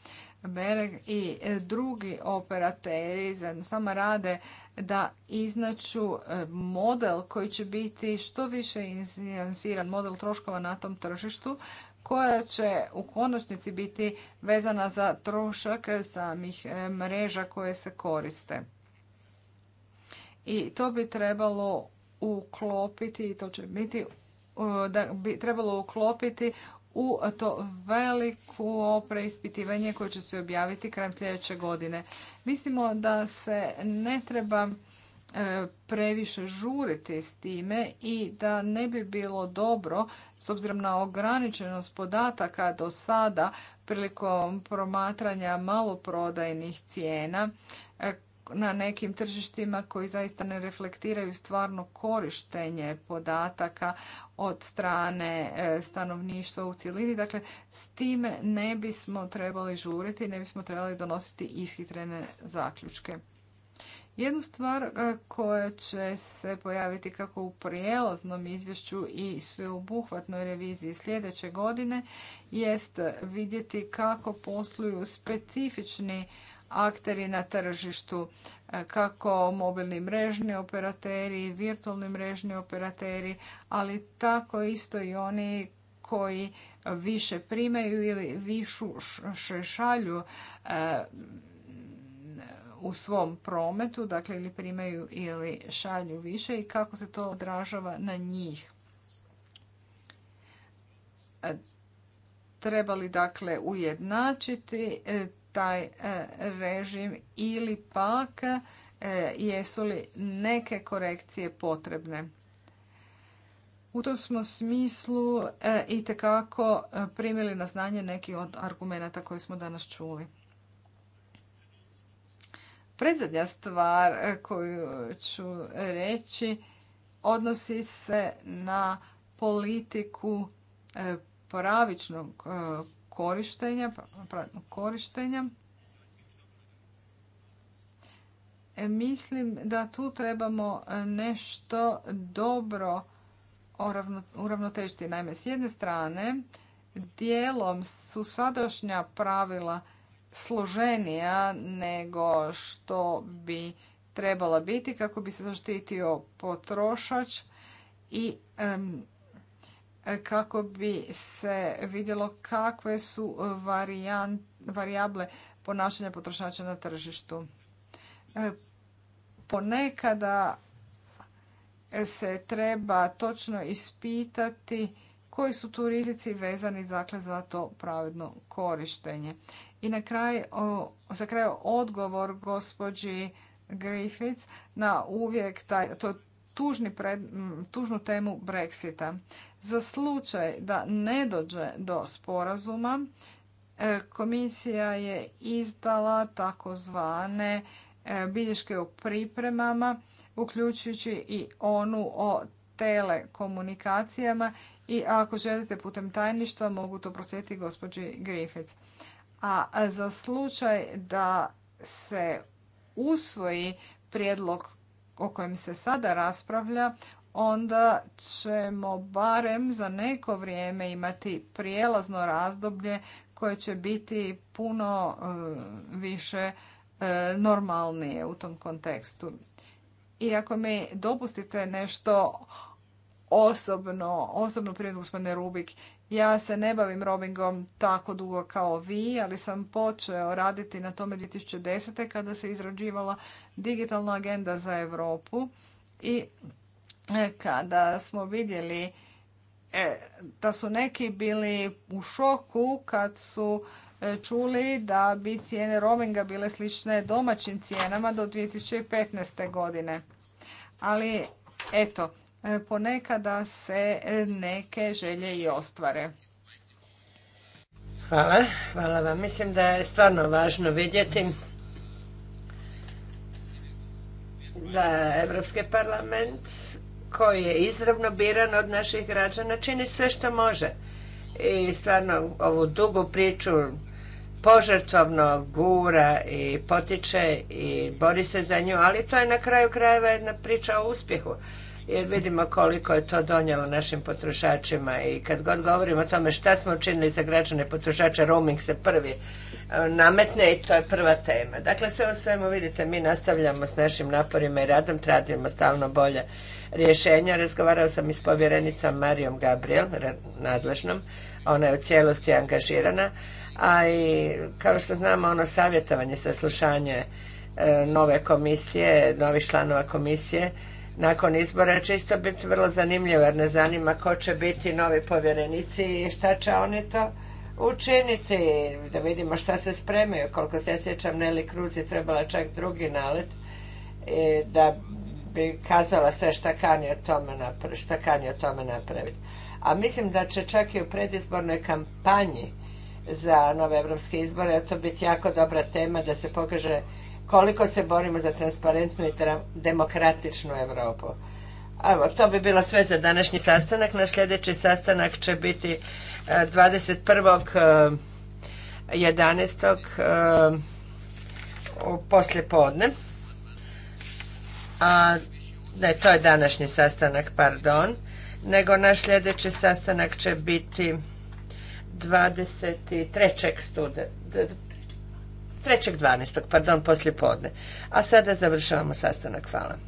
B: i drugi operateri zajedno s nama rade da iznaču e, model koji će biti što više insijansiran model troškova na tom tržištu koja će u konačnici biti vezana za trošak samih e, mreža koje se koriste. I to bi trebalo uklopiti, to će biti e, da bi trebalo uklopiti u to veliko preispitivanje koje će se objaviti krajem sljedeće godine. Mislimo da se ne treba E, previše žuriti s time i da ne bi bilo dobro, s obzirom na ograničenost podataka do sada prilikom promatranja maloprodajnih cijena e, na nekim tržištima koji zaista ne reflektiraju stvarno korištenje podataka od strane e, stanovništva u cjelini. Dakle, s time ne bismo trebali žuriti, ne bismo trebali donositi ishitrene zaključke. Jednu stvar e, koja će se pojaviti kako u prijelaznom izvješću i sveobuhvatnoj reviziji sljedeće godine jest vidjeti kako posluju specifični akteri na tržištu, e, kako mobilni mrežni operateri, virtualni mrežni operateri, ali tako isto i oni koji više primaju ili više šalju e, u svom prometu, dakle ili primaju ili šalju više i kako se to odražava na njih. E, Trebali dakle ujednačiti e, taj e, režim ili pak jesu li neke korekcije potrebne. U tom smo smislu i tekako primili na znanje neki od argumenata koje smo danas čuli. Predzadnja stvar e, koju ću reći odnosi se na politiku e, pravičnog e, korištenja, pravičnog korištenja. Mislim da tu trebamo nešto dobro uravnotežiti. Naime, s jedne strane, dijelom su sadašnja pravila složenija nego što bi trebala biti kako bi se zaštitio potrošač i kako bi se vidjelo kakve su varijable ponašanja potrošača na tržištu. E, ponekada se treba točno ispitati koji su tu rizici vezani dakle, za to pravedno korištenje. I na kraj, o, za kraj odgovor gospođi Griffiths na uvijek taj, to tužni tužnu temu Brexita. Za slučaj da ne dođe do sporazuma, e, komisija je izdala takozvane e, bilješke o pripremama, uključujući i onu o telekomunikacijama i ako želite putem tajništva mogu to prosjetiti gospođi Griffiths a za slučaj da se usvoji prijedlog o kojem se sada raspravlja, onda ćemo barem za neko vrijeme imati prijelazno razdoblje koje će biti puno e, više e, normalnije u tom kontekstu. I ako mi dopustite nešto osobno, osobno prijedlog, gospodine Rubik, ja se ne bavim roamingom tako dugo kao vi, ali sam počeo raditi na tome 2010. kada se izrađivala digitalna agenda za Europu i e, kada smo vidjeli e, da su neki bili u šoku kad su e, čuli da bi cijene roaminga bile slične domaćim cijenama do 2015. godine. Ali eto, ponekada se neke želje i ostvare.
C: Hvala, hvala vam. Mislim da je stvarno važno vidjeti da Evropski parlament koji je izravno biran od naših građana čini sve što može. I stvarno ovu dugu priču požrtvovno gura i potiče i bori se za nju, ali to je na kraju krajeva jedna priča o uspjehu jer vidimo koliko je to donijelo našim potrošačima i kad god govorimo o tome šta smo učinili za građane potrošača, roaming se prvi e, nametne i to je prva tema. Dakle, sve o svemu vidite, mi nastavljamo s našim naporima i radom, tražimo stalno bolje rješenja. Razgovarao sam i s povjerenicom Marijom Gabriel, nadležnom, ona je u cijelosti angažirana, a i kao što znamo ono savjetovanje, saslušanje e, nove komisije, novih članova komisije nakon izbora će isto biti vrlo zanimljivo jer ne zanima ko će biti novi povjerenici i šta će oni to učiniti. Da vidimo šta se spremaju. Koliko se sjećam, Nelly Cruz je trebala čak drugi nalet e, da bi kazala sve šta kani o tome, napraviti šta o tome napraviti. A mislim da će čak i u predizbornoj kampanji za nove evropske izbore to biti jako dobra tema da se pokaže koliko se borimo za transparentnu i demokratičnu Europu. Evo, to bi bilo sve za današnji sastanak. Naš sljedeći sastanak će biti 21.11. E, e, e, u poslje podne. A, ne, to je današnji sastanak, pardon. Nego naš sljedeći sastanak će biti 23. studenog 3.12. pardon, poslije podne. A sada završavamo sastanak. Hvala.